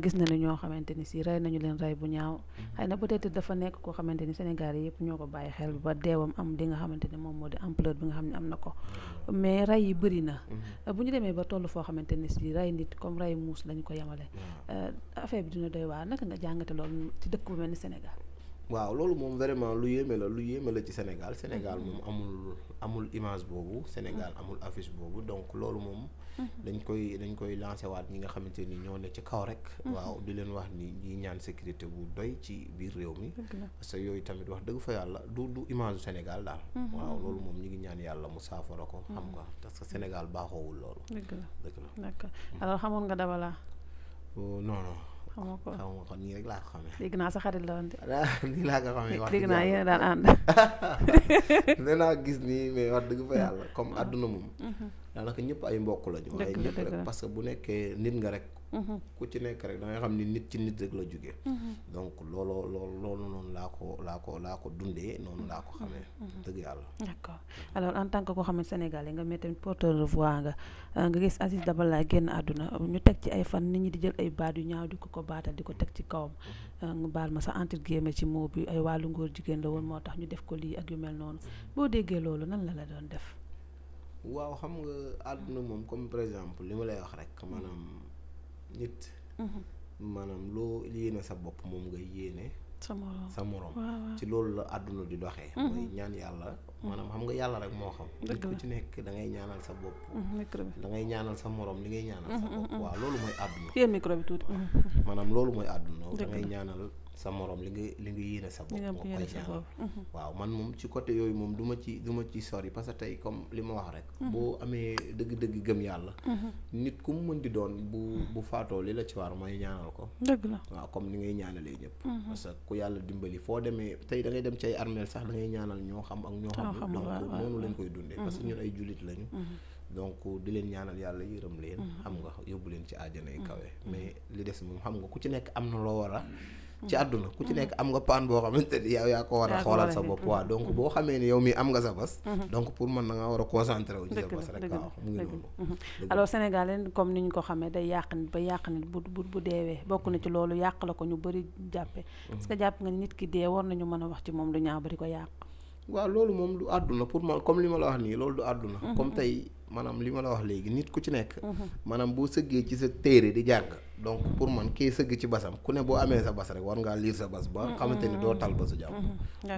gis nañu ñoo xamante ni si rey nañu leen rey bu ñaaw xëy na peut-être dafa nekk koo xamante ni Sénégalais yëpp ñoo ko bàyyi xel ba deewam am di nga xamante ni moom moo di empleur bi nga xam ne am na ko. mais rey yi bëri na. Mhm. Euh, bu ñu demee ba toll foo xamante ne si ray nit comme ray muus lañu ko yemale. Euh, affaire bi duna doy waar naka nga jàngate loolu ci dëkk bu mel ni Sénégal. waaw loolu moom vraiment lu yéeme la lu yéeme la ci Sénégal Sénégal mhm. moom amul amul image boobu Sénégal mhm. amul affice boobu donc loolu moom. Mm-hmm. dañ koy dañ koy lancé waat ñi nga xamante ni ñoo ne ci kaw rek. Mm-hmm. waaw di leen wax ni ñi ñaan sécurité bu doy ci biir réew mi. parce que yooyu tamit wax dëgg fa yàlla du du image Sénégal daal. Mm-hmm. waaw loolu moom ñu ngi ñaan yàlla mu saafara ko. xam nga parce que Sénégal baaxoowul loolu. dëgg la dëgg la d'accord alors xamoon nga Dabala. laa euh, noonu xamoo ko nii rek laa ko xamee. dégg naa sa xarit la woon nii laa ko xamee wax dëgg naa yéen daan ànd. nee gis nii mais wax dëgg fa yàlla comme àdduna moom. daanaka ñëpp ay mbokk lañu. dëgg parce que bu nekkee nit nga rek. Mm-hmm. ku ci nekk rek da xam ni nit ci nit rek la jóge mm-hmm. donc looloo loolu loolu noonu laa ko laa ko laa ko dundee noonu laa ko xamee mm-hmm. dëgg yàlla d'accord alors en tant que koo xam ne sénégalais nga mais tamit porteur de nga euh, nga gis Aziz Dabala génn àdduna ñu teg ci ay fan nit ñi di jël ay baat yu ñaaw di ko ko baatal di ko teg ci kawam euh, nga baal ma sax entre guillemets ci moo bi ay wàllu ngóor jigéen la woon moo tax ñu def ko lii ak yu mel noonu boo déggee loolu nan la la doon def waaw xam nga àdduna moom comme par exemple li ma lay wax rek maanaam nit mm-hmm. maanaam loo yéene sa bopp moom ngay yéene sa morom sa morom ci loolu la àdduna di doxe mm-hmm. mooy ñaan yàlla maanaam xam nga yàlla rek moo xam nit ku ci nekk da ngay ñaanal sa bopp mm-hmm, da ngay ñaanal sa moroom li ngay ñaanal sa bopp waaw loolu mooy àdduna maanaam loolu mooy àdduna da ñaanal sa morom li nga li nga yéene sa bopp moo koy ñaan mhm. waaw man moom ci côté yooyu moom du ma ci du ma ci sori parce que tey comme li ma wax rek mhm. boo amee dëgg-dëgg gëm yàlla mhm. nit ku mu mën di doon bu faatoo li la ci war mooy ñaanal ko dëgg la waaw comme ni ngay ñaanalee ñëpp parce que ku yàlla dimbali foo demee tey da dem ci armeel sax da ñaanal ñoo xam ak ñoo xam donc noonu lañ koy dundee parce que ñun ay jullit lañu donc di leen ñaanal yàlla yërëm leen xam loo a ci àdduna ku ci mm-hmm. nekk am nga paan boo xam xamante ni yow yaa ko war a xoolal sa bopp waaw mm-hmm. donc boo xamee ne yow mi am nga sa bas mm-hmm. donc pour man na nga war a concentré wu ci comme ni ñu ko xamee day yàq nit ba yàq nit bu bokk na ci loolu yàq la ko ñu bëri jàppe est-ce que jàpp nga nit ki dee war nañu mën a wax ci moom lu ñaaw ba ko yàq waaw loolu moom du àdduna pour man comme li ma la wax nii loolu du àdduna comme tey maanaam li ma la wax léegi nit ku ci nekk maanaam boo sëggee ci sa téere di jàng donc pour man kii sëgg ci basam ku ne boo amee sa bas rek war ngaa liir sa bas ba xamante ni doo tal basu jàmm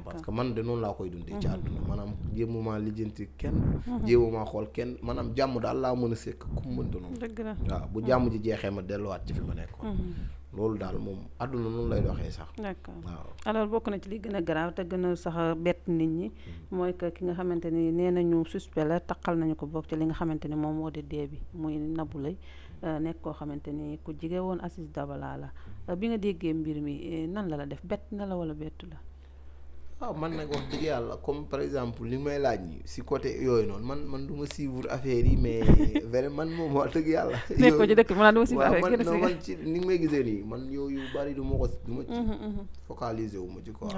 parce que man de noonu laa koy dundee ci àdduna maanaam jéemumaa lijjanti kenn jéemumaa xool kenn maanaam jàmm daal laa mën a sekk ku mu mën doon waaw bu jàmm ji jeexee ma delluwaat ci fi ma nekkoon loolu daal moom àdduna noonu lay doxee sax. d'accord waaw alors bokk na ci li gën a garaaw te gën a sax bett nit ñi. Mm-hmm. mooy que ki nga xamante ni nee nañu suspect la taqal nañu ko bokk ci li nga xamante ni moom moo di dee bi muy Nabou Leye Euh, nekk koo xamante ni ku jige woon Aziz Dabala la mm-hmm. euh, bi nga déggee mbir mi euh, nan la la def bett na la wala bettu la. waaw ah, man nag wax dëgg yàlla comme par exemple li may laaj nii si côté yooyu noonu man man du ma suivre affaire yi mais vraiment man moom wax dëgg yàlla. nekkoo ci dëkk bi maanaam du ma suivre yi man ci ni may gisee nii man yooyu bari du ma ko du ci. Mm-hmm, mm-hmm. focaliser wu ma ci quoi.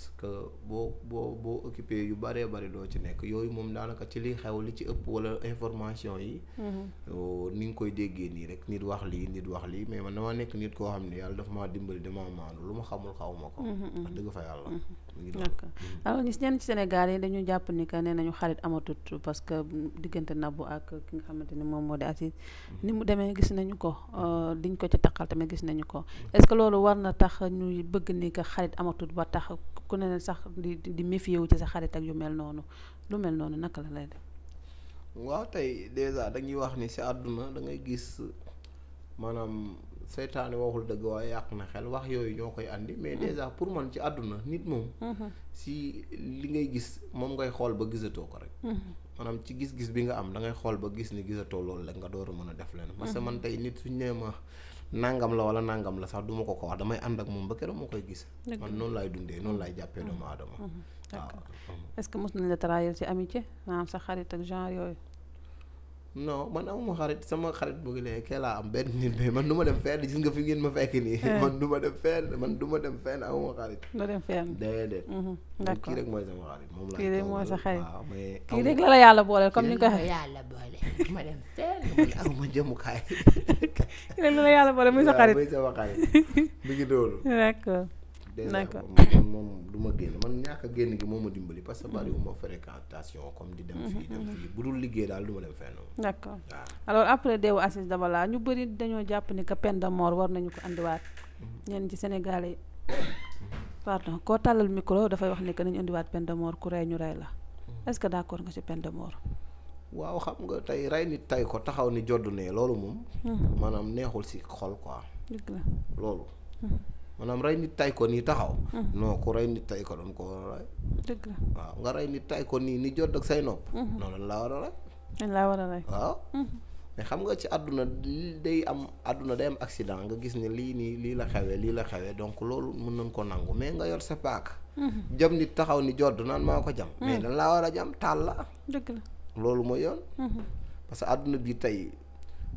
parce que boo boo boo occupé yu baree bëri doo ci nekk yooyu moom daanaka ci li xew li ci ëpp wala information yi. Mhm. Oh, ni nga koy déggee nii rek nit wax lii nit wax lii mais man dama nekk nit koo xam ne yàlla dafa maa dimbali dama maandu lu ma xamul xaw ma ko. Mhm, mhm. wax dëgg fa yàlla. d'accord mm-hmm. alors gis ñenn ci Sénégal yi dañu jàpp ni que nee nañu xarit amatut parce que diggante Nabou ak ki nga xamante ni moom moo di Aziz mm-hmm. ni mu demee gis nañu ko di euh, diñ ko ci taqal tamit gis nañu ko mm-hmm. est-ce que loolu war na tax ñuy bëgg ni que xarit amatut ba tax ku ne sax di di wu ci sa xarit ak yu mel noonu lu mel noonu naka la lay def. waaw tey déjà dañuy wax ni ci àdduna da ngay gis maanaam. seytaane waxul dëgg waaye yàq na xel wax yooyu ñoo koy andi mais mm-hmm. déjà pour man ci àdduna nit moom si mm-hmm. li ngay gis moom ngay xool ba gisatoo ko rek mm-hmm. maanaam ci gis-gis bi nga am da ngay xool ba gis ni gisatoo loolu la nga door a mën a def leen parce que man tey nit suñ nee ma nangam la wala nangam la sax du ma ko ko wax damay ànd ak moom ba keroog moo koy gis man noonu laay dundee noonu laay jàppee doomu aadama waaw est-ce que mos nañ la trahir ci amitié maanaam sa xarit ak genre yooyu non man amuma xarit sama xarit bëgg lee kee laa am benn nit mais man du ma dem fenn gis nga fi ngeen ma fekk nii. Eh. man du ma dem fenn man du ma dem fenn amuma xarit. doo dem fenn déedéet. Mhm, d'accord rek mooy sama xarit moom laa. sa xarit waaw mais. la yàlla booleel comme ni nga ko waxee. ma dem fenn jëmukaay. kii rek la la muy sa xarit muy sama xarit mi ngi doon. d'accord. dèjà moom moom du ma génn man ñàkk a génn gi moo ma dimbali parce que mhm. bariwuma fréquentation comme di dem fii dem mhm, fii mhm. bu dul liggéey daal du ma dem fenn d' accord alors après deewu Aziz Dabala ñu bari dañoo jàpp ni que peine de war nañu ko andiwaat ñenn ci Sénégalais yi pardon koo tàllal micro dafay wax ni que nañu andiwaat peine de ku rey ñu rey la est ce que d' accord nga ci peine de waaw xam nga tey rey nit tey ko taxaw ni jodd ne loolu moom maanaam neexul si xol quoi maanaam rey nit tay ko nii taxaw. Hmm. noo ku rey nit tay ko doon ko war a rey. waaw nga rey nit tay ko nii ni jot ak say nopp. Hmm. noonu lan laa war a rey. lan waaw. Hmm. mais xam nga ci àdduna day am àdduna day am accident nga gis ne lii nii lii la xewee lii la xewee donc loolu mun nañ ko nangu mais nga yor sa paak. jam nit taxaw ni jodd naan maa ko jam. mais lan laa war a jam taal la. dëgg la loolu mooy yoon. parce que àdduna bi tey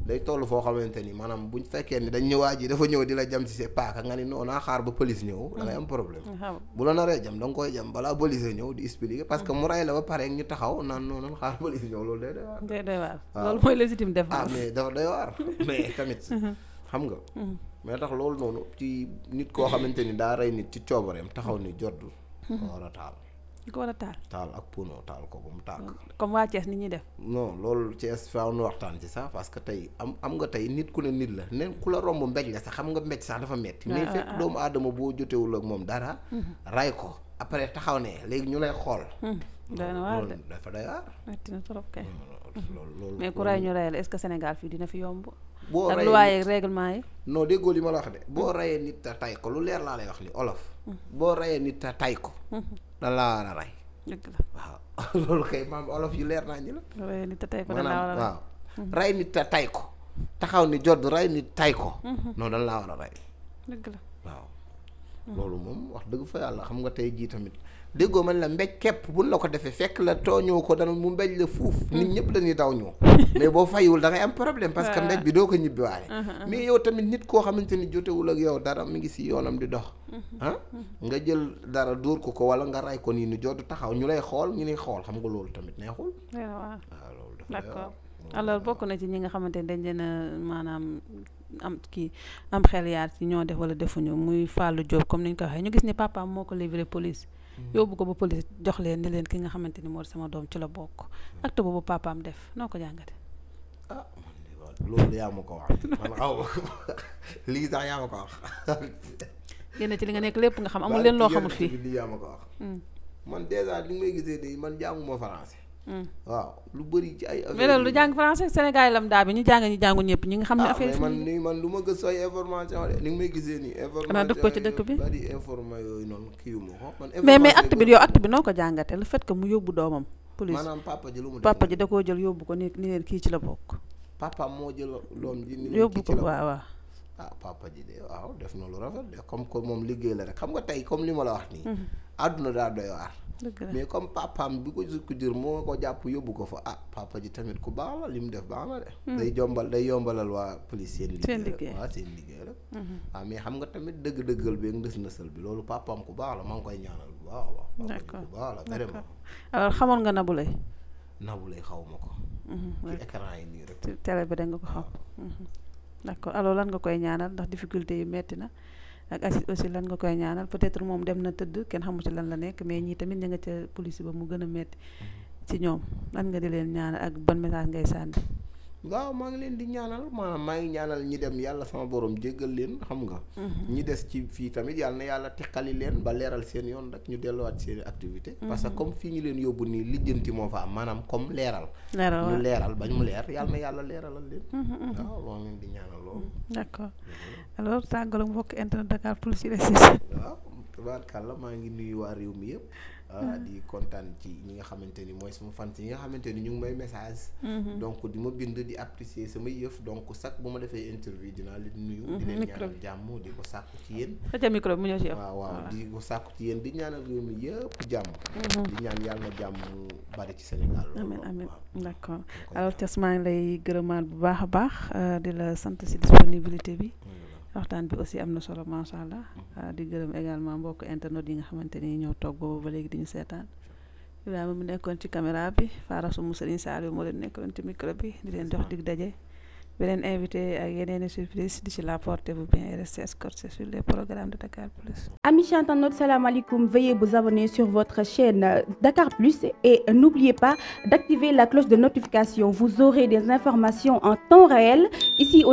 day toll foo xamante ni maanaam buñ fekkee ni dañ ñëwaat ji dafa ñëw di la jam si sa paaka nga ni non naa xaar ba police ñëw. da ngay am problème. Mm-hmm. bu la naree jam da nga koy jam balaa police ñëw di expliquer. parce que mm-hmm. mu rey la ba pare ñu taxaw naan non xaar police ñëw loolu day doy waar. day doy waar loolu mooy légitime défense. ah mais dafa doy waar mais tamit. Mm-hmm. xam nga. mais tax loolu noonu ci nit koo xamante ni daa rey nit ci coobareem taxaw ni jotul. a ñu ko war a taal. taal ak pono taal ko ba mu tàkk. comme waa Thiès ni ñuy def. non loolu Thiès faaw nu waxtaan ci sax parce que tey am am nga tey nit ku ne nit la ne ku la romb mbéj la sax xam nga mbéj sax dafa metti ah, mais ah, fekk ah. doomu aadama boo jotewul ak moom dara. Mhm. ray ko après taxaw ne léegi ñu lay xool. Hmm. dana waar de dafa day waar. metti na trop kay. Hmm, hmm. loolu loolu mais ku ray ñu ray la est-ce que Sénégal fii dina fi yomb. boo rayee ak loi yeeg règlement yi. non déggoo li ma la wax de boo rayee nit ta tay ko lu leer laa lay wax li olof. boo rayee nit ta tay ko. dan laa war a rey. dëgg la waaw loolu kay maam olof yu leer naa ñu la. rey ko waaw. Hmm. rey nit te tay ko taxaw ni jot ray nit tay ko. Hmm, hmm. non dan laa war a rey. dëgg la waaw. loolu moom wax dëgg fa yàlla xam nga tey jii tamit. déggoo man la mbéj képp buñ la ko defee fekk la tooñoo ko dana mu mbéj la fuuf hmm. nit ñëpp la ñuy daw ñoo mais boo fayiwul da ngay am problème parce que mbéj bi doo ko ñibbiwaale uh-huh, uh-huh. mais yow tamit nit koo xamante ni jotewul ak yow dara mi ngi si yoonam di dox uh-huh, ah nga jël dara dóor ko ko wala nga ray ko nii ni jootu taxaw ñu lay xool ñu lay xool xam nga loolu tamit neexul waaw ah, loolu dafa d'accord alors bokk na ci ñi nga xamante ne dañ leen a maanaam am kii am xel yaar ci ñoo def wala defuñu muy Fallou Diop comme ni ñu ko waxee gis ni papaam moo ko livré police Mm. yóbbu ko ba police jox leen ne leen ki nga xamante ni moo sama doom ci la bokk mm. acte boobu papaam def noo ko jàngate ah loolu yaa ma ko wax man xaw ma lii sax yaa ma ko wax génn ci li nga nekk lépp nga xam amul leen loo xamul fii lii yaa ma mm. li may gisee nii man jànguma français Mm. waaw lu bëri ci ay. affaire lu jàng français Sénégal lam daa bi ñu jàng ñu jàngu ñëpp ñu ngi xam ne ah, affaire man ni man lu ma gëstu ay information de ni may gisee nii. information xanaa dëpp ko ci bi bari noonu kii ma ko. man mais mais acte ko jàngatee le fait que mu yóbbu doomam. police maanaam papa ji da koo jël yóbbu ko ni ni leen kii ci la bokk. papa moo jël doom ji. yóbbu ko ah, de waaw lu de comme que moom liggéey la rek xam nga tey comme li ma la wax nii. Mm-hmm. àdduna daa doy waar mais comme papaam bi ko ko jur moo ko jàpp yóbbu ko fa ah papa ji tamit ku baax la li mu def baax na de. Hmm. day jombal day yombalal waa police seen liggéey waaw seen liggéey rek. Hmm. waaw mais xam nga tamit dëgg-dëggal bi ak ndës ndësal bi loolu papaam ku baax la maa ngi koy ñaanal bu baax a baax. d'accord ku baax xaw ma ko. Hmm, ci écran yi nii rek. télé bi da ko xam. d'accord alors nga koy ñaanal ndax difficulté yi metti na. ak Aziz aussi lan nga koy ñaanal peut-être moom dem na tëdd kenn xamu ci lan la nekk mais ñii tamit ña nga ca police ba mu gën a metti ci ñoom lan nga di leen ñaanal ak bon message ngay sànni. waaw maa ngi leen di ñaanal maanaam maa ngi ñaanal ñi dem yàlla sama boroom jéggal leen xam nga. Mhm. ñi des ci fii tamit yàlla na yàlla teqali leen ba leeral seen yoon rek ñu delluwaat seen activité mhm. parce que comme fii ñu leen yóbbu nii lijjanti moo fa am maanaam comme leeral. leeral ñu bañ mu leer yàlla na yàlla leeralal leen. Mhm, waaw loolu leen di ñaanal loolu. d'accord la tàggaloo mbokk internet Dakar Plus ci des waaw maa ngi nuyu waa réew mi yëpp. Euh, mm-hmm. di kontaan ci ñi nga xamante ni mooy suma fans yi nga xamante ni ñu ngi may message. Mm-hmm. donc di ma bind di apprécier samay yëf donc sax bu ma defee interview dinaa leen nuyu. Mm-hmm, di leen ñaanal jàmm di ko sa micro mu ñëw ci yow. ci yéen di ñaanal réew mi yëpp jàmm. di ñaan yàlla na jàmm bari ci Sénégal. amiin amiin d'accord alors Thiès lay gërëmaat bu baax a baax euh, di la sant si disponibilité bi. waxtaan bi aussi am na solo macha allah mhm. ah, di gërëm également mbokk internet yi nga xamante ni ñoo toog boobu ba léegi di ñu seetaan Ibrahima mu nekkoon ci caméra bi Faara su mu Serigne Saliou moo leen nekkoon ci micro bi di leen jox dig daje beneen invité ak yeneen surprise di ci la portez vous bien et restez escortés sur les programmes de Dakar Plus. Amis internautes, salam alaikum. Veuillez vous abonner sur votre chaîne euh, Dakar Plus et euh, n'oubliez pas d'activer la cloche de notification. Vous aurez des informations en temps réel ici